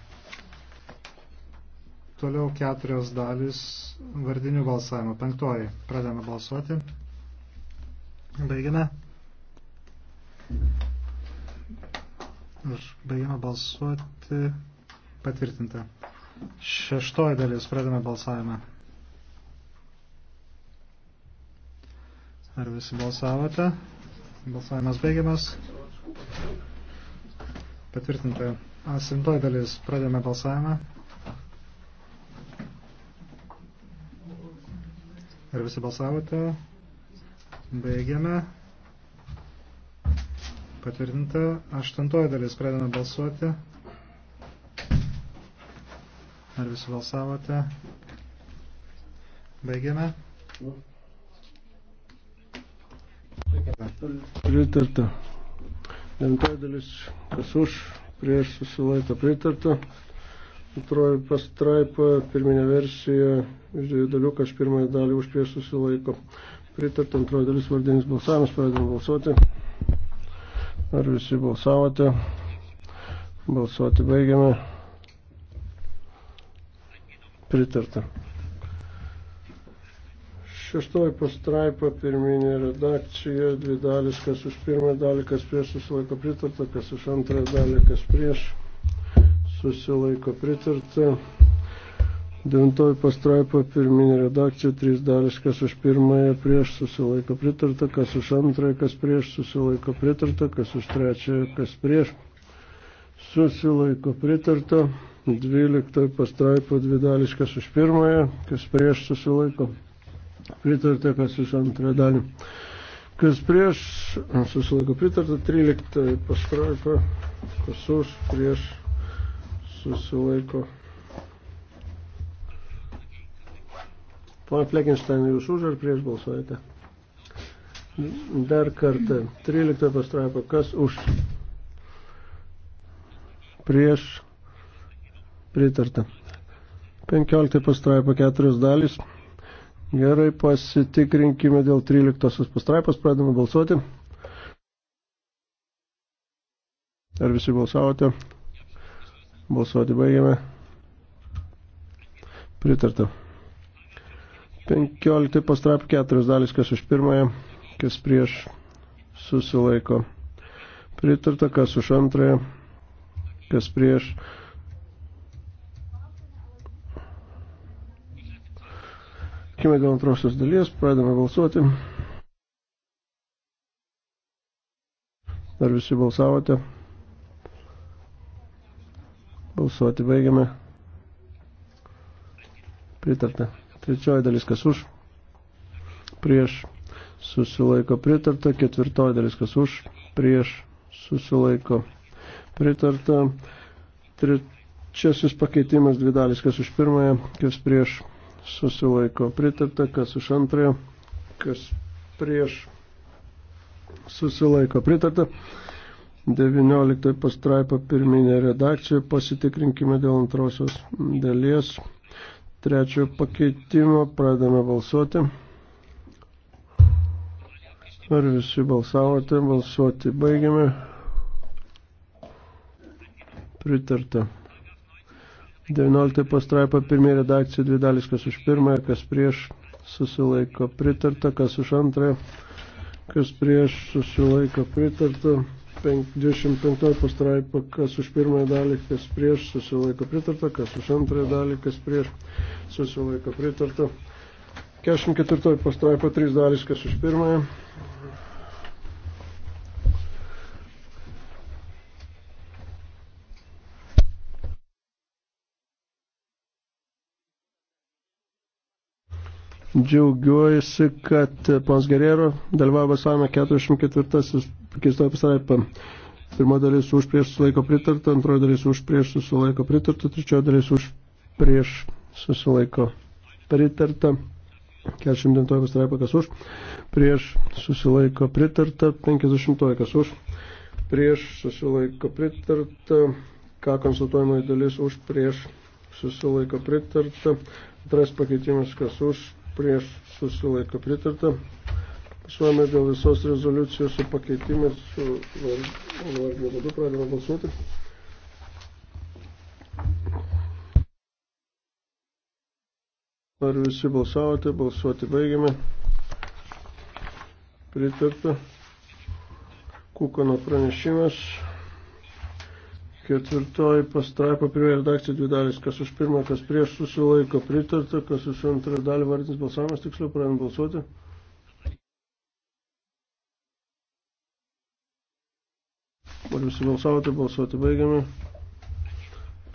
Toliau keturios dalis vardinių balsavimo. Penktoji. Pradėjome balsuoti. Baigime. Už baigimą balsuoti patvirtinta. Šeštoji dalis, pradame balsavimą. Ar visi balsavote? Balsavimas baigiamas. Patvirtinta. Asimtoji dalis, pradame balsavimą. Ar visi balsavote? Baigiame. Patvirtinta. Aštuntoji dalis. Pradedame balsuoti. Ar visi balsavote? Baigiame. Pritarta. Devintoji dalis. Kas už? Prieš susilaiko pritarta. Antroji pastraipa, pirminė versija, iš dviejų dalių, kas pirmąją dalį už prieš susilaiko. Pritarta antroji dalis vardinis balsavimas, pradedam balsuoti. Ar visi balsavote? Balsuoti baigiame. Pritarta. Šeštoji pastraipa, pirminė redakcija, dvi dalis, kas už pirmą dalį, kas prieš susilaiko pritarta, kas už antrą dalį, kas prieš susilaiko pritarta. Devintoji pastraipa pirminė redakcija, trys dalis, kas už pirmąją prieš susilaiko pritarta, kas už antrąją, kas prieš susilaiko pritarta, kas už trečiąją, kas prieš susilaiko pritarta. Dvyliktoji pastraipa dvi dalis, kas už pirmąją, kas prieš susilaiko pritarta, kas už antrąją dalį. Kas prieš susilaiko pritarta, tryliktoji pastraipa, kas už prieš susilaiko pritarta Pone Fleckenstein, jūs už ar prieš balsuojate? Dar kartą, 13 pastraipo, kas už? Prieš pritarta. 15 pastraipo, 4 dalys. Gerai, pasitikrinkime dėl 13 pastraipos, pradame balsuoti. Ar visi balsavote? Balsuoti baigiame. Pritarta. 15 pastrap 4 dalis, kas už pirmąją, kas prieš susilaiko. Pritarta, kas už antrąją, kas prieš. Kime dėl antrosios dalies, pradame balsuoti. Ar visi balsavote? Balsuoti baigiame. Pritarta. Trečioji dalis kas už, prieš susilaiko pritarta. Ketvirtoji dalis kas už, prieš susilaiko pritarta. Trečiasis pakeitimas dvi dalis kas už pirmąją, kas prieš susilaiko pritarta, kas už antrąją, kas prieš susilaiko pritarta. 19 pastraipa pirminė redakcija, pasitikrinkime dėl antrosios dalies. Trečio pakeitimo pradame balsuoti. Ar visi balsavote? Balsuoti baigiame. Pritarta. 19 pastraipa pirmie redakcija, dvi dalis, kas už pirmąją, kas prieš, susilaiko pritarta, kas už antrąją, kas prieš, susilaiko pritarta. 25 pastraipa, kas už pirmąją dalį, kas prieš, susilaiko pritarta, kas už antrąją dalį, kas prieš, susilaiko pritarta. 44 pastraipa, 3 dalys, kas už pirmąją, Džiaugiuosi, kad pons Gerero dalyvavo balsavime 44 pakeistoje pasraipa. Pirmo dalis už prieš susilaiko pritarta, antroji dalis už prieš susilaiko pritarta, trečioji dalis už prieš susilaiko pritarta. 49 pasraipa kas už, prieš susilaiko pritarta, 50 kas už, prieš susilaiko pritarta, ką konsultuojamoji dalis už prieš susilaiko pritarta, antras pakeitimas kas už prieš susilaiko pritarta. Pasuojame dėl visos rezoliucijos su pakeitimais, su vardiniu būdu pradėjome balsuoti. Ar visi balsavote? Balsuoti baigiame. Pritarta. Kukano pranešimas. Ketvirtoji pastraipa, pirmoji redakcija, dvi dalis, kas už pirmą, kas prieš susilaiko pritarta, kas už antrą dalį vardinis balsavimas, tiksliau pradėjome balsuoti. Ar visi balsavote, balsuoti baigiame.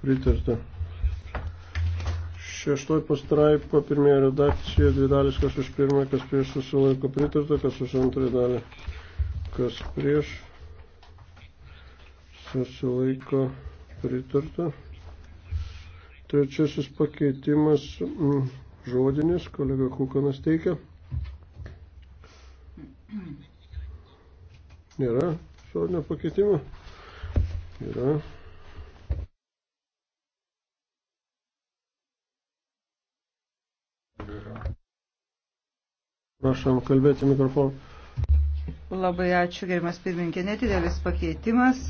Pritarta. Šeštoji pastraipa, pirmoji redakcija, dvi dalis, kas už pirmą, kas prieš susilaiko pritarta, kas už antrą dalį, kas prieš susilaiko pritarta. Trečiasis pakeitimas mm, žodinis, kolega Kukanas teikia. Nėra žodinio pakeitimo? Yra. Prašom kalbėti mikrofoną. Labai ačiū, gerimas pirmininkė, nedidelis pakeitimas.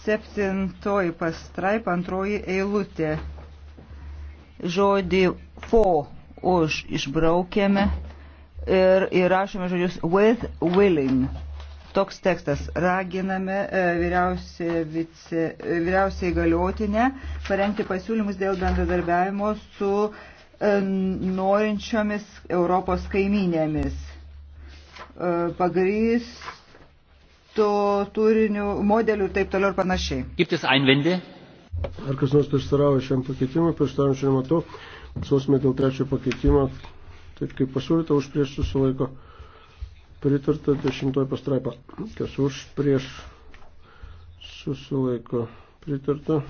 Septintoji pastraipa, antroji eilutė. Žodį for už išbraukėme ir įrašome žodžius with willing. Toks tekstas. Raginame e, e, vyriausiai, vice, vyriausiai galiotinę parengti pasiūlymus dėl bendradarbiavimo su e, norinčiomis Europos kaiminėmis. Pagrys su turiniu, modeliu ir taip toliau ir panašiai. Gibt es Einwände? Ar kas nors prieštaravo šiam pakeitimui, prieštarančių nematau. Sausime dėl trečio pakeitimo, taip kaip pasiūlyta, už prieš susilaiko pritarta dešimtoji pastraipa. Kas už prieš susilaiko pritarta.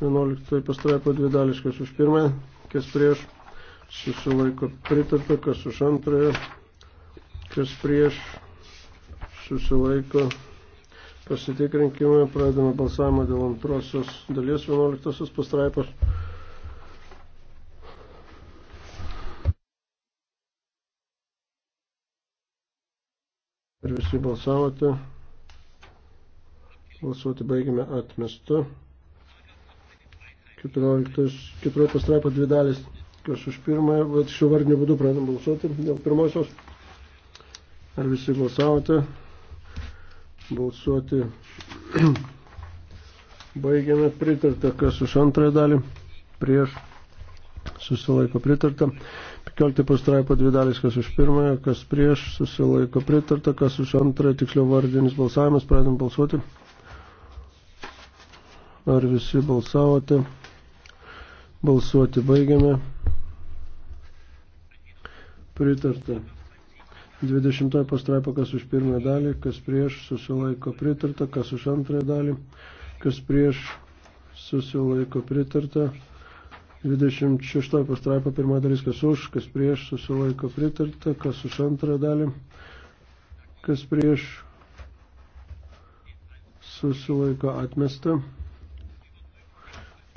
Vienuoliktoji pastraipa dvi dališkas už pirmąją, kas prieš susilaiko pritarta, kas už antrąją, kas prieš susilaiko. Pasitikrinkime, pradedame balsavimą dėl antrosios dalies 11 pastraipos. Ir visi balsavote. Balsuoti baigime atmestu. 14, 14 pastraipo dvi dalis. Kas už pirmąją, bet šių vardinių būdų pradedam balsuoti dėl pirmosios. Ar visi balsavote? Balsuoti baigiame pritartą, kas už antrąją dalį prieš susilaiko pritarta. 15 pastraipo dvi dalys, kas už pirmąją, kas prieš susilaiko pritarta, kas už antrąją, tiksliau vardinis balsavimas, pradėm balsuoti. Ar visi balsavote? Balsuoti baigiame. Pritarta. 20 pastraipa, kas už pirmąją dalį, kas prieš susilaiko pritarta, kas už antrąją dalį, kas prieš susilaiko pritarta. 26 pastraipa, pirma dalis, kas už, kas prieš susilaiko pritarta, kas už antrąją dalį, kas prieš susilaiko atmesta.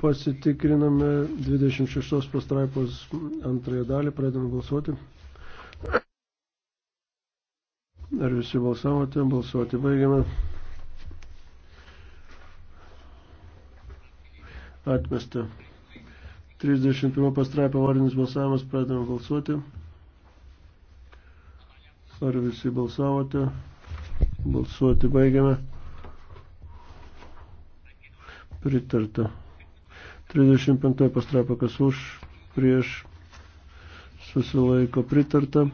Pasitikriname 26 pastraipos antrąją dalį, pradedame balsuoti. Ar visi balsavote? Balsuoti baigiame. Atmesta. 31 pastraipą varinis balsavimas, pradėjome balsuoti. Ar visi balsavote? Balsuoti baigiame. Pritarta. 35 pastraipą kas už, prieš, susilaiko pritarta.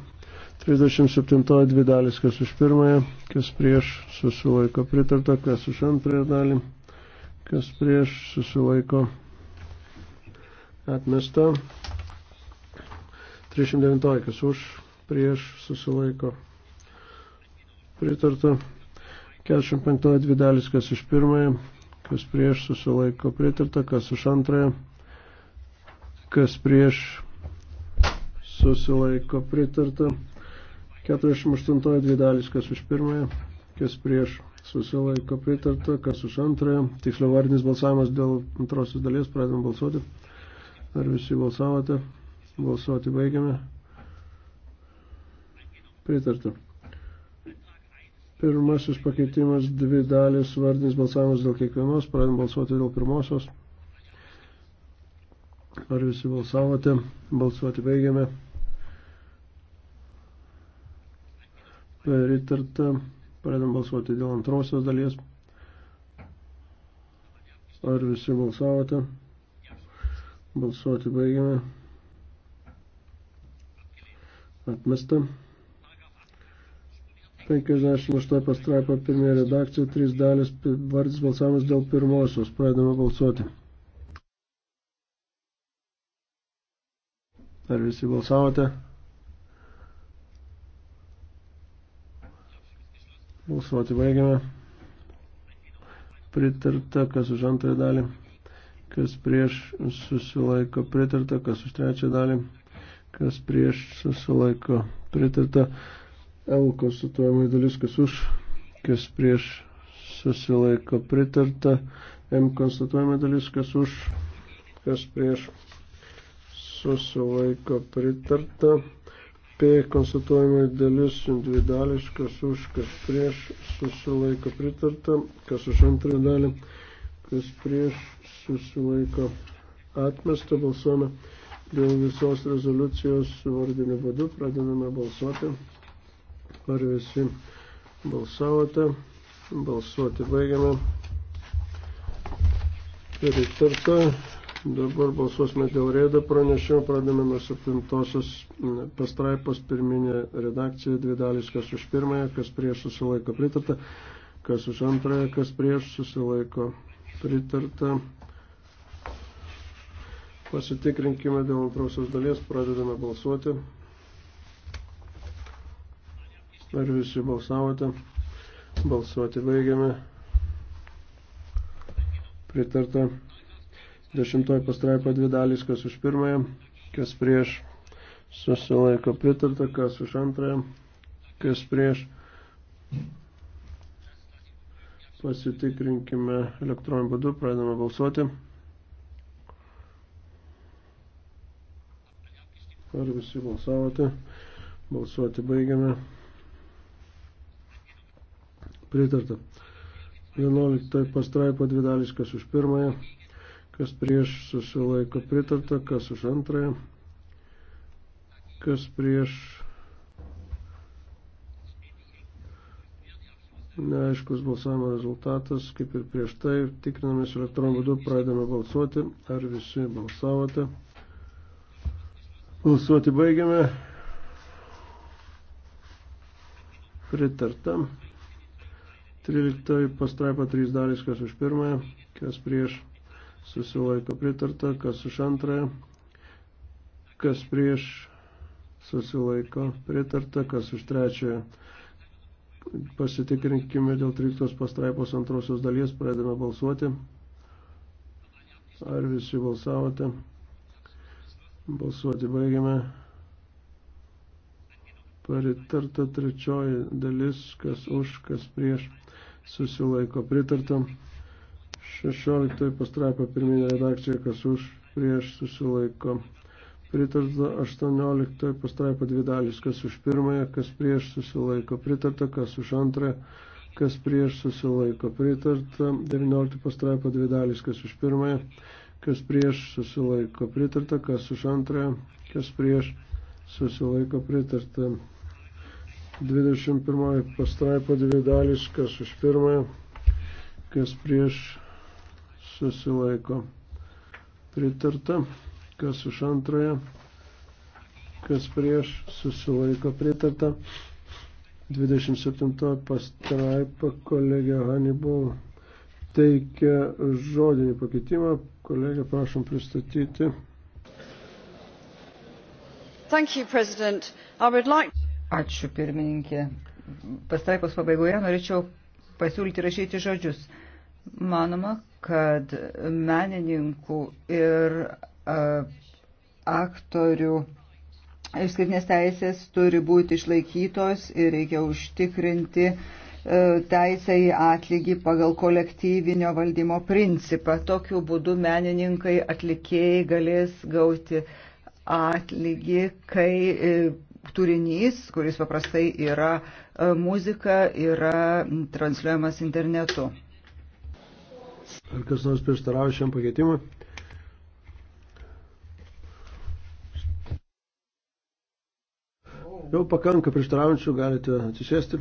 37 dvi dalis, kas už pirmąją, kas prieš susilaiko pritarta, kas už antrąją dalį, kas prieš susilaiko atmesta. 39 kas už prieš susilaiko pritarta. 45 dvi dalis, kas už pirmąją, kas prieš susilaiko pritarta, kas už antrąją, kas prieš susilaiko pritarta. 48 dvi dalis, kas už pirmąją, kas prieš susilaiko pritarta, kas už antrąją. Tiksliau vardinis balsavimas dėl antrosios dalies, pradedam balsuoti. Ar visi balsavote? Balsuoti baigiame. Pritarta. Pirmasis pakeitimas dvi dalis, vardinis balsavimas dėl kiekvienos, pradedam balsuoti dėl pirmosios. Ar visi balsavote? Balsuoti baigiame. Pritarta. Pradedam balsuoti dėl antrosios dalies. Ar visi balsavote? Balsuoti baigiame. Atmesta. 58 pastraipa pirmė redakcija, 3 dalis, vardys balsavimas dėl pirmosios. Pradedame balsuoti. Ar visi balsavote? Balsuoti baigiame. Pritarta, kas už antrąją dalį, kas prieš susilaiko pritarta, kas už trečią dalį, kas prieš susilaiko pritarta. L konstatuojamai dalis, kas už, kas prieš susilaiko pritarta. M konstatuojamai dalis, kas už, kas prieš susilaiko pritarta. P konstatuojama dalis dvi dalis, kas už, kas prieš, susilaiko pritarta, kas už antrą dalį, kas prieš, susilaiko atmesta balsuojama dėl visos rezoliucijos vardiniu būdu, pradedame balsuoti. Ar visi balsavote? Balsuoti baigiame. Pritarta. Dabar balsuosime dėl reido pranešimo, pradėme nuo septintosios pastraipos pirminė redakcija, dvi dalys, kas už pirmąją, kas prieš susilaiko pritarta, kas už antrąją, kas prieš susilaiko pritarta. Pasitikrinkime dėl antrosios dalies, pradedame balsuoti. Ar visi balsavote? Balsuoti baigiame. Pritarta. Dešimtoji pastraipa dvi dalys, kas už pirmąją, kas prieš susilaiko pritarta, kas už antrąją, kas prieš. Pasitikrinkime elektroniniu būdu, pradedame balsuoti. Ar visi balsavote? Balsuoti baigiame. Pritarta. 11 pastraipo dvidališkas už pirmąją, kas prieš susilaiko pritarta, kas už antrąją, kas prieš neaiškus balsavimo rezultatas, kaip ir prieš tai, tikrinamės elektroniniu būdu, pradedame balsuoti, ar visi balsavote. Balsuoti baigiame. Pritarta. 13 pastraipa 3 dalys, kas už pirmąją, kas prieš susilaiko pritarta, kas už antrąją, kas prieš susilaiko pritarta, kas už trečiąją. Pasitikrinkime dėl 13 pastraipos antrosios dalies, pradedame balsuoti. Ar visi balsavote? Balsuoti baigiame. Pritarta trečioji dalis, kas už, kas prieš, susilaiko pritarta. 16 pastraipą pirminę redakciją, kas už prieš susilaiko. Pritarta 18 pastraipą dvi dalis, kas už pirmąją, kas prieš susilaiko. Pritarta, kas už antrąją, kas prieš susilaiko. Pritarta 19 pastraipą dvi dalis, kas už pirmąją, kas prieš susilaiko. Pritarta, kas už antrąją, kas prieš susilaiko. Pritarta 21 pastraipą dvi dalis, kas už pirmąją, kas prieš susilaiko pritarta, kas už antrąją, kas prieš susilaiko pritarta. 27 pastraipa kolegė Hannibal teikia žodinį pakeitimą. Kolegė, prašom pristatyti. Thank you, President. I would like... Ačiū, pirmininkė. Pastraipos pabaigoje norėčiau pasiūlyti rašyti žodžius. Manoma, kad menininkų ir aktorių išskirtinės teisės turi būti išlaikytos ir reikia užtikrinti e, teisę į atlygį pagal kolektyvinio valdymo principą. Tokiu būdu menininkai, atlikėjai galės gauti atlygį, kai e, turinys, kuris paprastai yra e, muzika, yra transliuojamas internetu. Ar kas nors prieštarauja šiam pakeitimui? Jau pakanka prieštaraujančių, galite atsisėsti.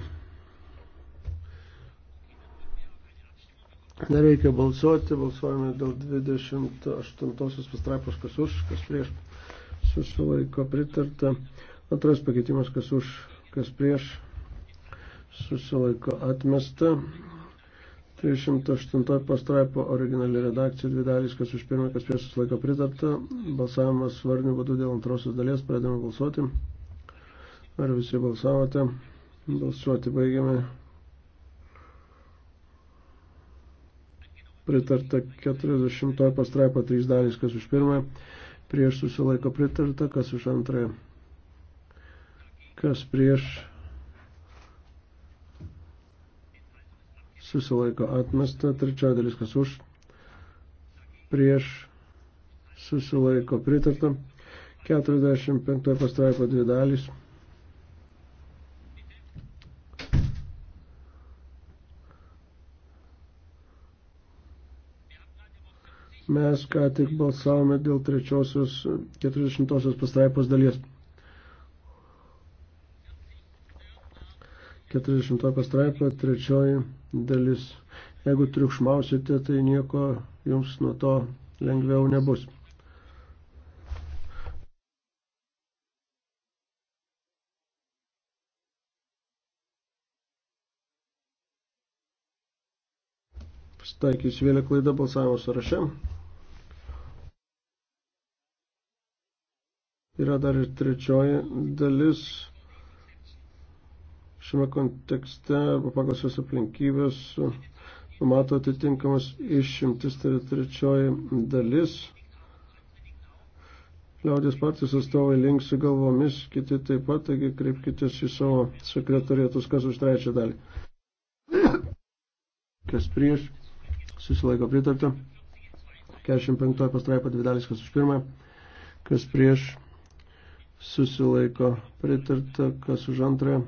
Nereikia balsuoti, balsuojame dėl 28 pastraipos, kas už, kas prieš, susilaiko pritarta. Antras pakeitimas, kas už, kas prieš, susilaiko atmesta. 308 pastraipo originali redakcija, dvi dalys, kas už pirmą, kas prieš susilaiko pritarta. Balsavimas varnių būdu dėl antrosios dalies, pradėjome balsuoti. Ar visi balsavote? Balsuoti baigiame. Pritarta 40 pastraipo 3 dalys, kas už pirmą, prieš susilaiko pritarta, kas už antrąją, kas prieš susilaiko atmesta, trečioji dalis kas už, prieš susilaiko pritarta, 45 pastraipo dvi dalys. Mes ką tik balsavome dėl trečiosios 40 pastraipos dalies. 40 pastraipa, trečioji dalis. Jeigu triukšmausite, tai nieko jums nuo to lengviau nebus. Pasitaikys vėlė klaida balsavimo sąraše. Yra dar ir trečioji dalis šiame kontekste arba pagal šios aplinkybės numato atitinkamas išimtis, tai yra trečioji dalis. Liaudės partijos atstovai linksi galvomis, kiti taip pat, taigi kreipkitės į savo sekretorietus, kas už trečią dalį. Kas prieš, susilaiko pritarta. 45 pastraipa dvi dalis, kas už pirmą, kas prieš, susilaiko pritarta, kas už antrąją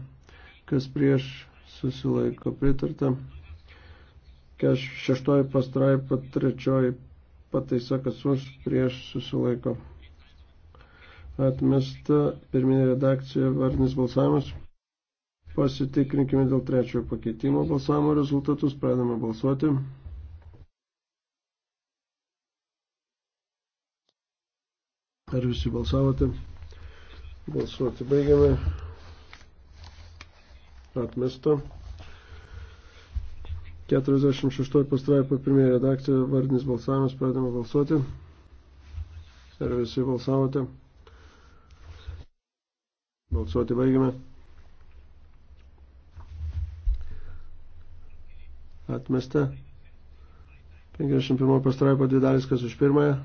kas prieš susilaiko pritarta. Šeštoji pastraipa, trečioji pataisa, kas už prieš susilaiko. Atmesta pirminė redakcija, vardinis balsavimas. Pasitikrinkime dėl trečiojo pakeitimo balsavimo rezultatus, pradame balsuoti. Ar visi balsavote? Balsuoti baigiame atmesta. 46 pastraipa pirmieji redakcija, vardinis balsavimas, pradėjome balsuoti. Ar visi balsavote? Balsuoti baigiame. Atmesta. 51 pastraipa dvi dalis, kas už pirmąją.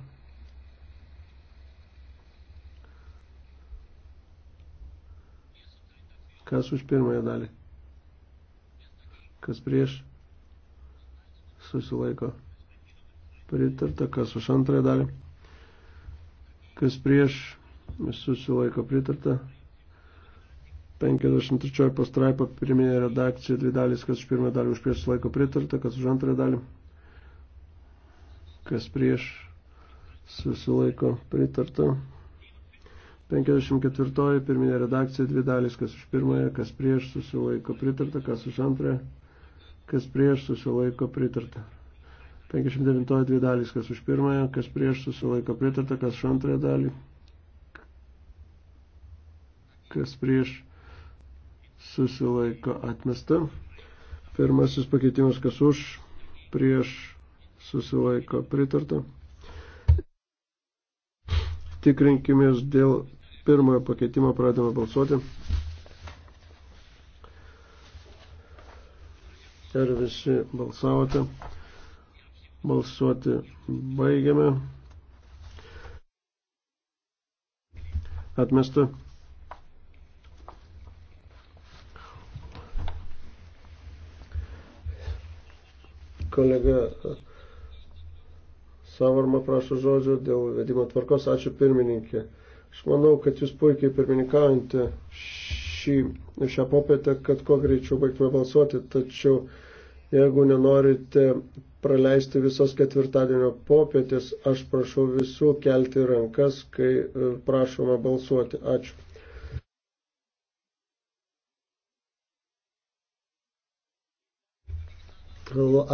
Kas už pirmąją dalį? kas prieš susilaiko pritarta, kas už antrąją dalį, kas prieš susilaiko pritarta. 53 pastraipa pirminė redakcija, dvi dalys, kas už pirmą dalį už prieš susilaiko pritarta, kas už antrąją dalį, kas prieš susilaiko pritarta. 54 pirminė redakcija, dvi dalys, kas už pirmąją, kas prieš susilaiko pritarta, kas už antrąją kas prieš susilaiko pritarta. 59 dvi dalys, kas už pirmąją, kas prieš susilaiko pritarta, kas už antrąją dalį, kas prieš susilaiko atmesta. Pirmasis pakeitimas, kas už, prieš susilaiko pritarta. Tikrinkimės dėl pirmojo pakeitimo, pradėme balsuoti. Ar visi balsavote? Balsuoti baigiame. Atmesta. Kolega Savarma prašo žodžio dėl vedimo tvarkos. Ačiū pirmininkė. Aš manau, kad jūs puikiai pirmininkaujate šį, šią popietę, kad kuo greičiau baigtume balsuoti, tačiau jeigu nenorite praleisti visos ketvirtadienio popietės, aš prašau visų kelti rankas, kai e, prašoma balsuoti. Ačiū.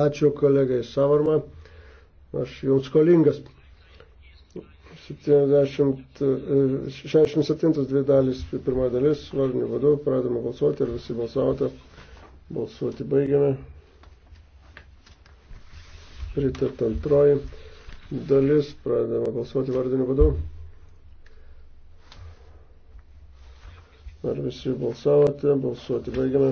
Ačiū kolegai Savarma, aš jums skolingas. 67 dvi dalys, pirmoji dalis, varnių vadų, pradėjome balsuoti ir visi balsavote. Balsuoti baigiame. Pritart antroji dalis, pradėjome balsuoti vardiniu vadu. Ar visi balsavote, balsuoti baigiame.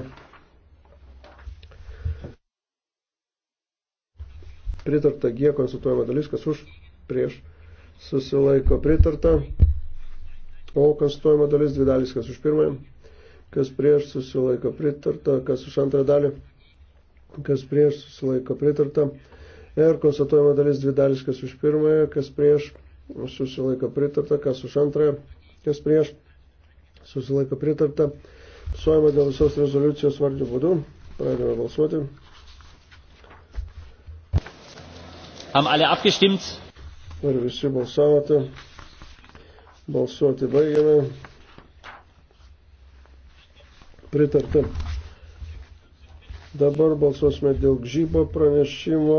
Pritarta G konsultuojama dalis, kas už, prieš susilaiko pritarta. O konstatuojama dalis dvi dalis, kas už pirmąją, kas prieš susilaiko pritarta, kas už antrą dalį, kas prieš susilaiko pritarta. Ir konstatuojama dalis dvi dalis, kas už pirmąją, kas prieš susilaiko pritarta, kas už antrąją, kas prieš susilaiko pritarta. Suojama dėl visos rezoliucijos vardžių būdų. Pradėjome balsuoti. Haben alle abgestimmt? Ar visi balsavote? Balsuoti baigiame. Pritarta. Dabar balsuosime dėl gžybo pranešimo.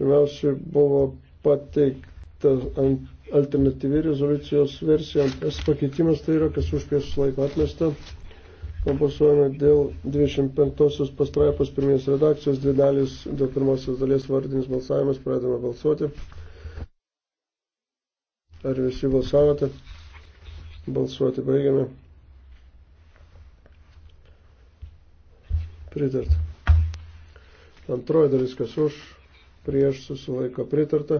Pirmiausiai buvo pateikta alternatyvi rezoliucijos versija. Tas pakeitimas tai yra, kas už prieš laiko atmesta. Balsuojame dėl 25 pastraipos pirminės redakcijos, dvi dalys, dėl pirmosios dalies vardinis balsavimas, pradedame balsuoti. Ar visi balsavote? Balsuoti baigiame. Pritarta. Antroji dalis, kas už, prieš susilaiko pritarta.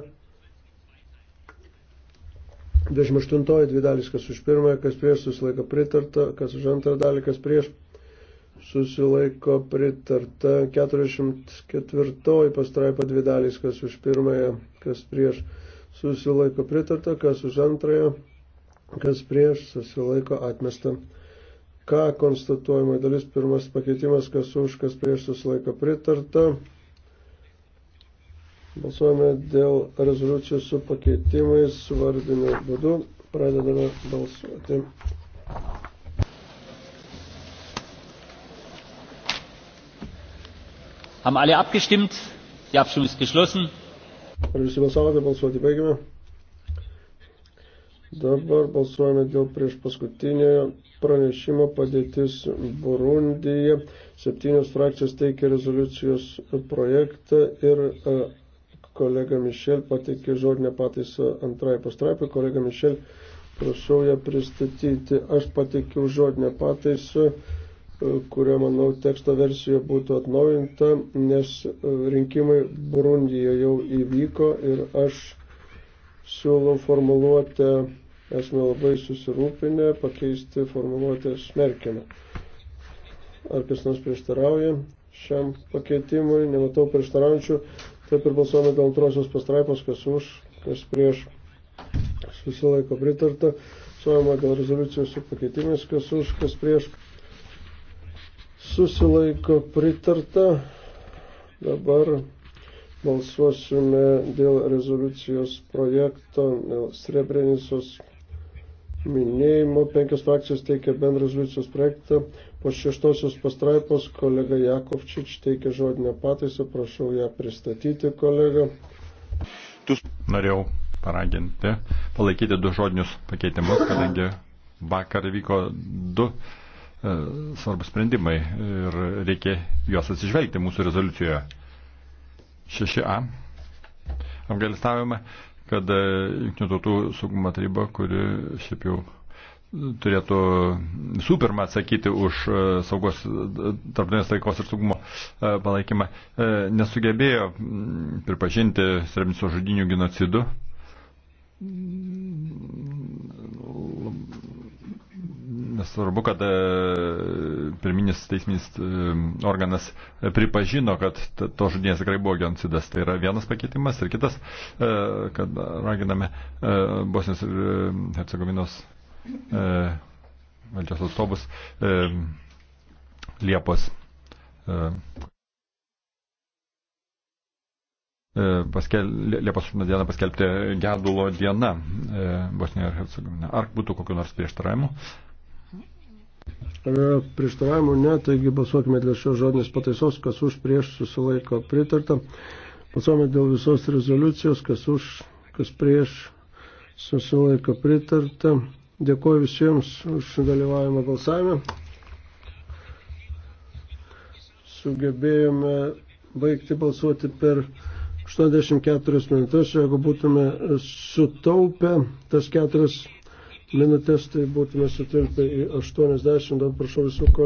28 dvi dalis, kas už pirmąją, kas prieš susilaiko pritarta, kas už antrą dalį, kas prieš susilaiko pritarta. 44 pastraipa dvi dalis, kas už pirmąją, kas prieš susilaiko pritarta, kas už antrąją, kas prieš, susilaiko atmesta. Ką konstatuojama dalis pirmas pakeitimas, kas už, kas prieš, susilaiko pritarta. Balsuojame dėl rezoliucijų su pakeitimais, vardiniu būdu. Pradedame balsuoti. Haben alle abgestimmt? Die Abstimmung ist geschlossen. Ar visi balsavote, balsuoti baigime. Dabar balsuojame dėl prieš paskutinio pranešimo padėtis Burundyje. Septynios frakcijos teikia rezoliucijos projektą ir e, kolega Mišel pateikė žodinę pataisą antrai pastraipai. Kolega Mišel, prašau ją pristatyti. Aš pateikiau žodinę pataisą kurio, manau, teksto versija būtų atnaujinta, nes e, rinkimai Burundijoje jau įvyko ir aš siūlau formuluotę, esame labai susirūpinę, pakeisti formuluotę smerkime. Ar kas nors prieštarauja šiam pakeitimui, nematau prieštaraujančių, taip ir balsuojame dėl antrosios pastraipos, kas už, kas prieš, susilaiko pritarta, suojama dėl rezoliucijos su pakeitimais, kas už, kas prieš susilaiko pritarta. Dabar balsuosime dėl rezoliucijos projekto, dėl Srebrenisos minėjimo. Penkios frakcijos teikia bendrą rezoliucijos projektą. Po šeštosios pastraipos kolega Jakovčič teikia žodinę pataisą. Prašau ją pristatyti, kolega. Tu norėjau paraginti, palaikyti du žodinius pakeitimus, kadangi vakar vyko du E, svarbus sprendimai ir reikia juos atsižvelgti mūsų rezoliucijoje. 6a. Apgalistavome, kad e, Junktinių tautų saugumo taryba, kuri šiaip jau turėtų visų pirma atsakyti už e, saugos tarptautinės taikos ir saugumo palaikymą, nesugebėjo pripažinti Srebrenicos žudinių genocidų Svarbu, kad e, pirminis teisminis e, organas e, pripažino, kad to žudinės tikrai buvo genocidas. Tai yra vienas pakeitimas ir kitas, kad raginame Bosnijos ir Hercegovinos valdžios atstovus Liepos paskel, Liepos 8 dieną paskelbti gedulo dieną Bosnijoje ir Hercegovina. Ar būtų kokiu nors prieštaravimu? Ar yra prieštaravimų? Ne, taigi balsuokime dėl šios žodinės pataisos, kas už prieš susilaiko pritarta. Balsuokime dėl visos rezoliucijos, kas už, kas prieš susilaiko pritarta. Dėkuoju visiems už dalyvavimą balsavime. Sugebėjome baigti balsuoti per 84 minutės, jeigu būtume sutaupę tas keturias minutės, tai būtume sutilpę į 80. Dabar prašau visų kolegų.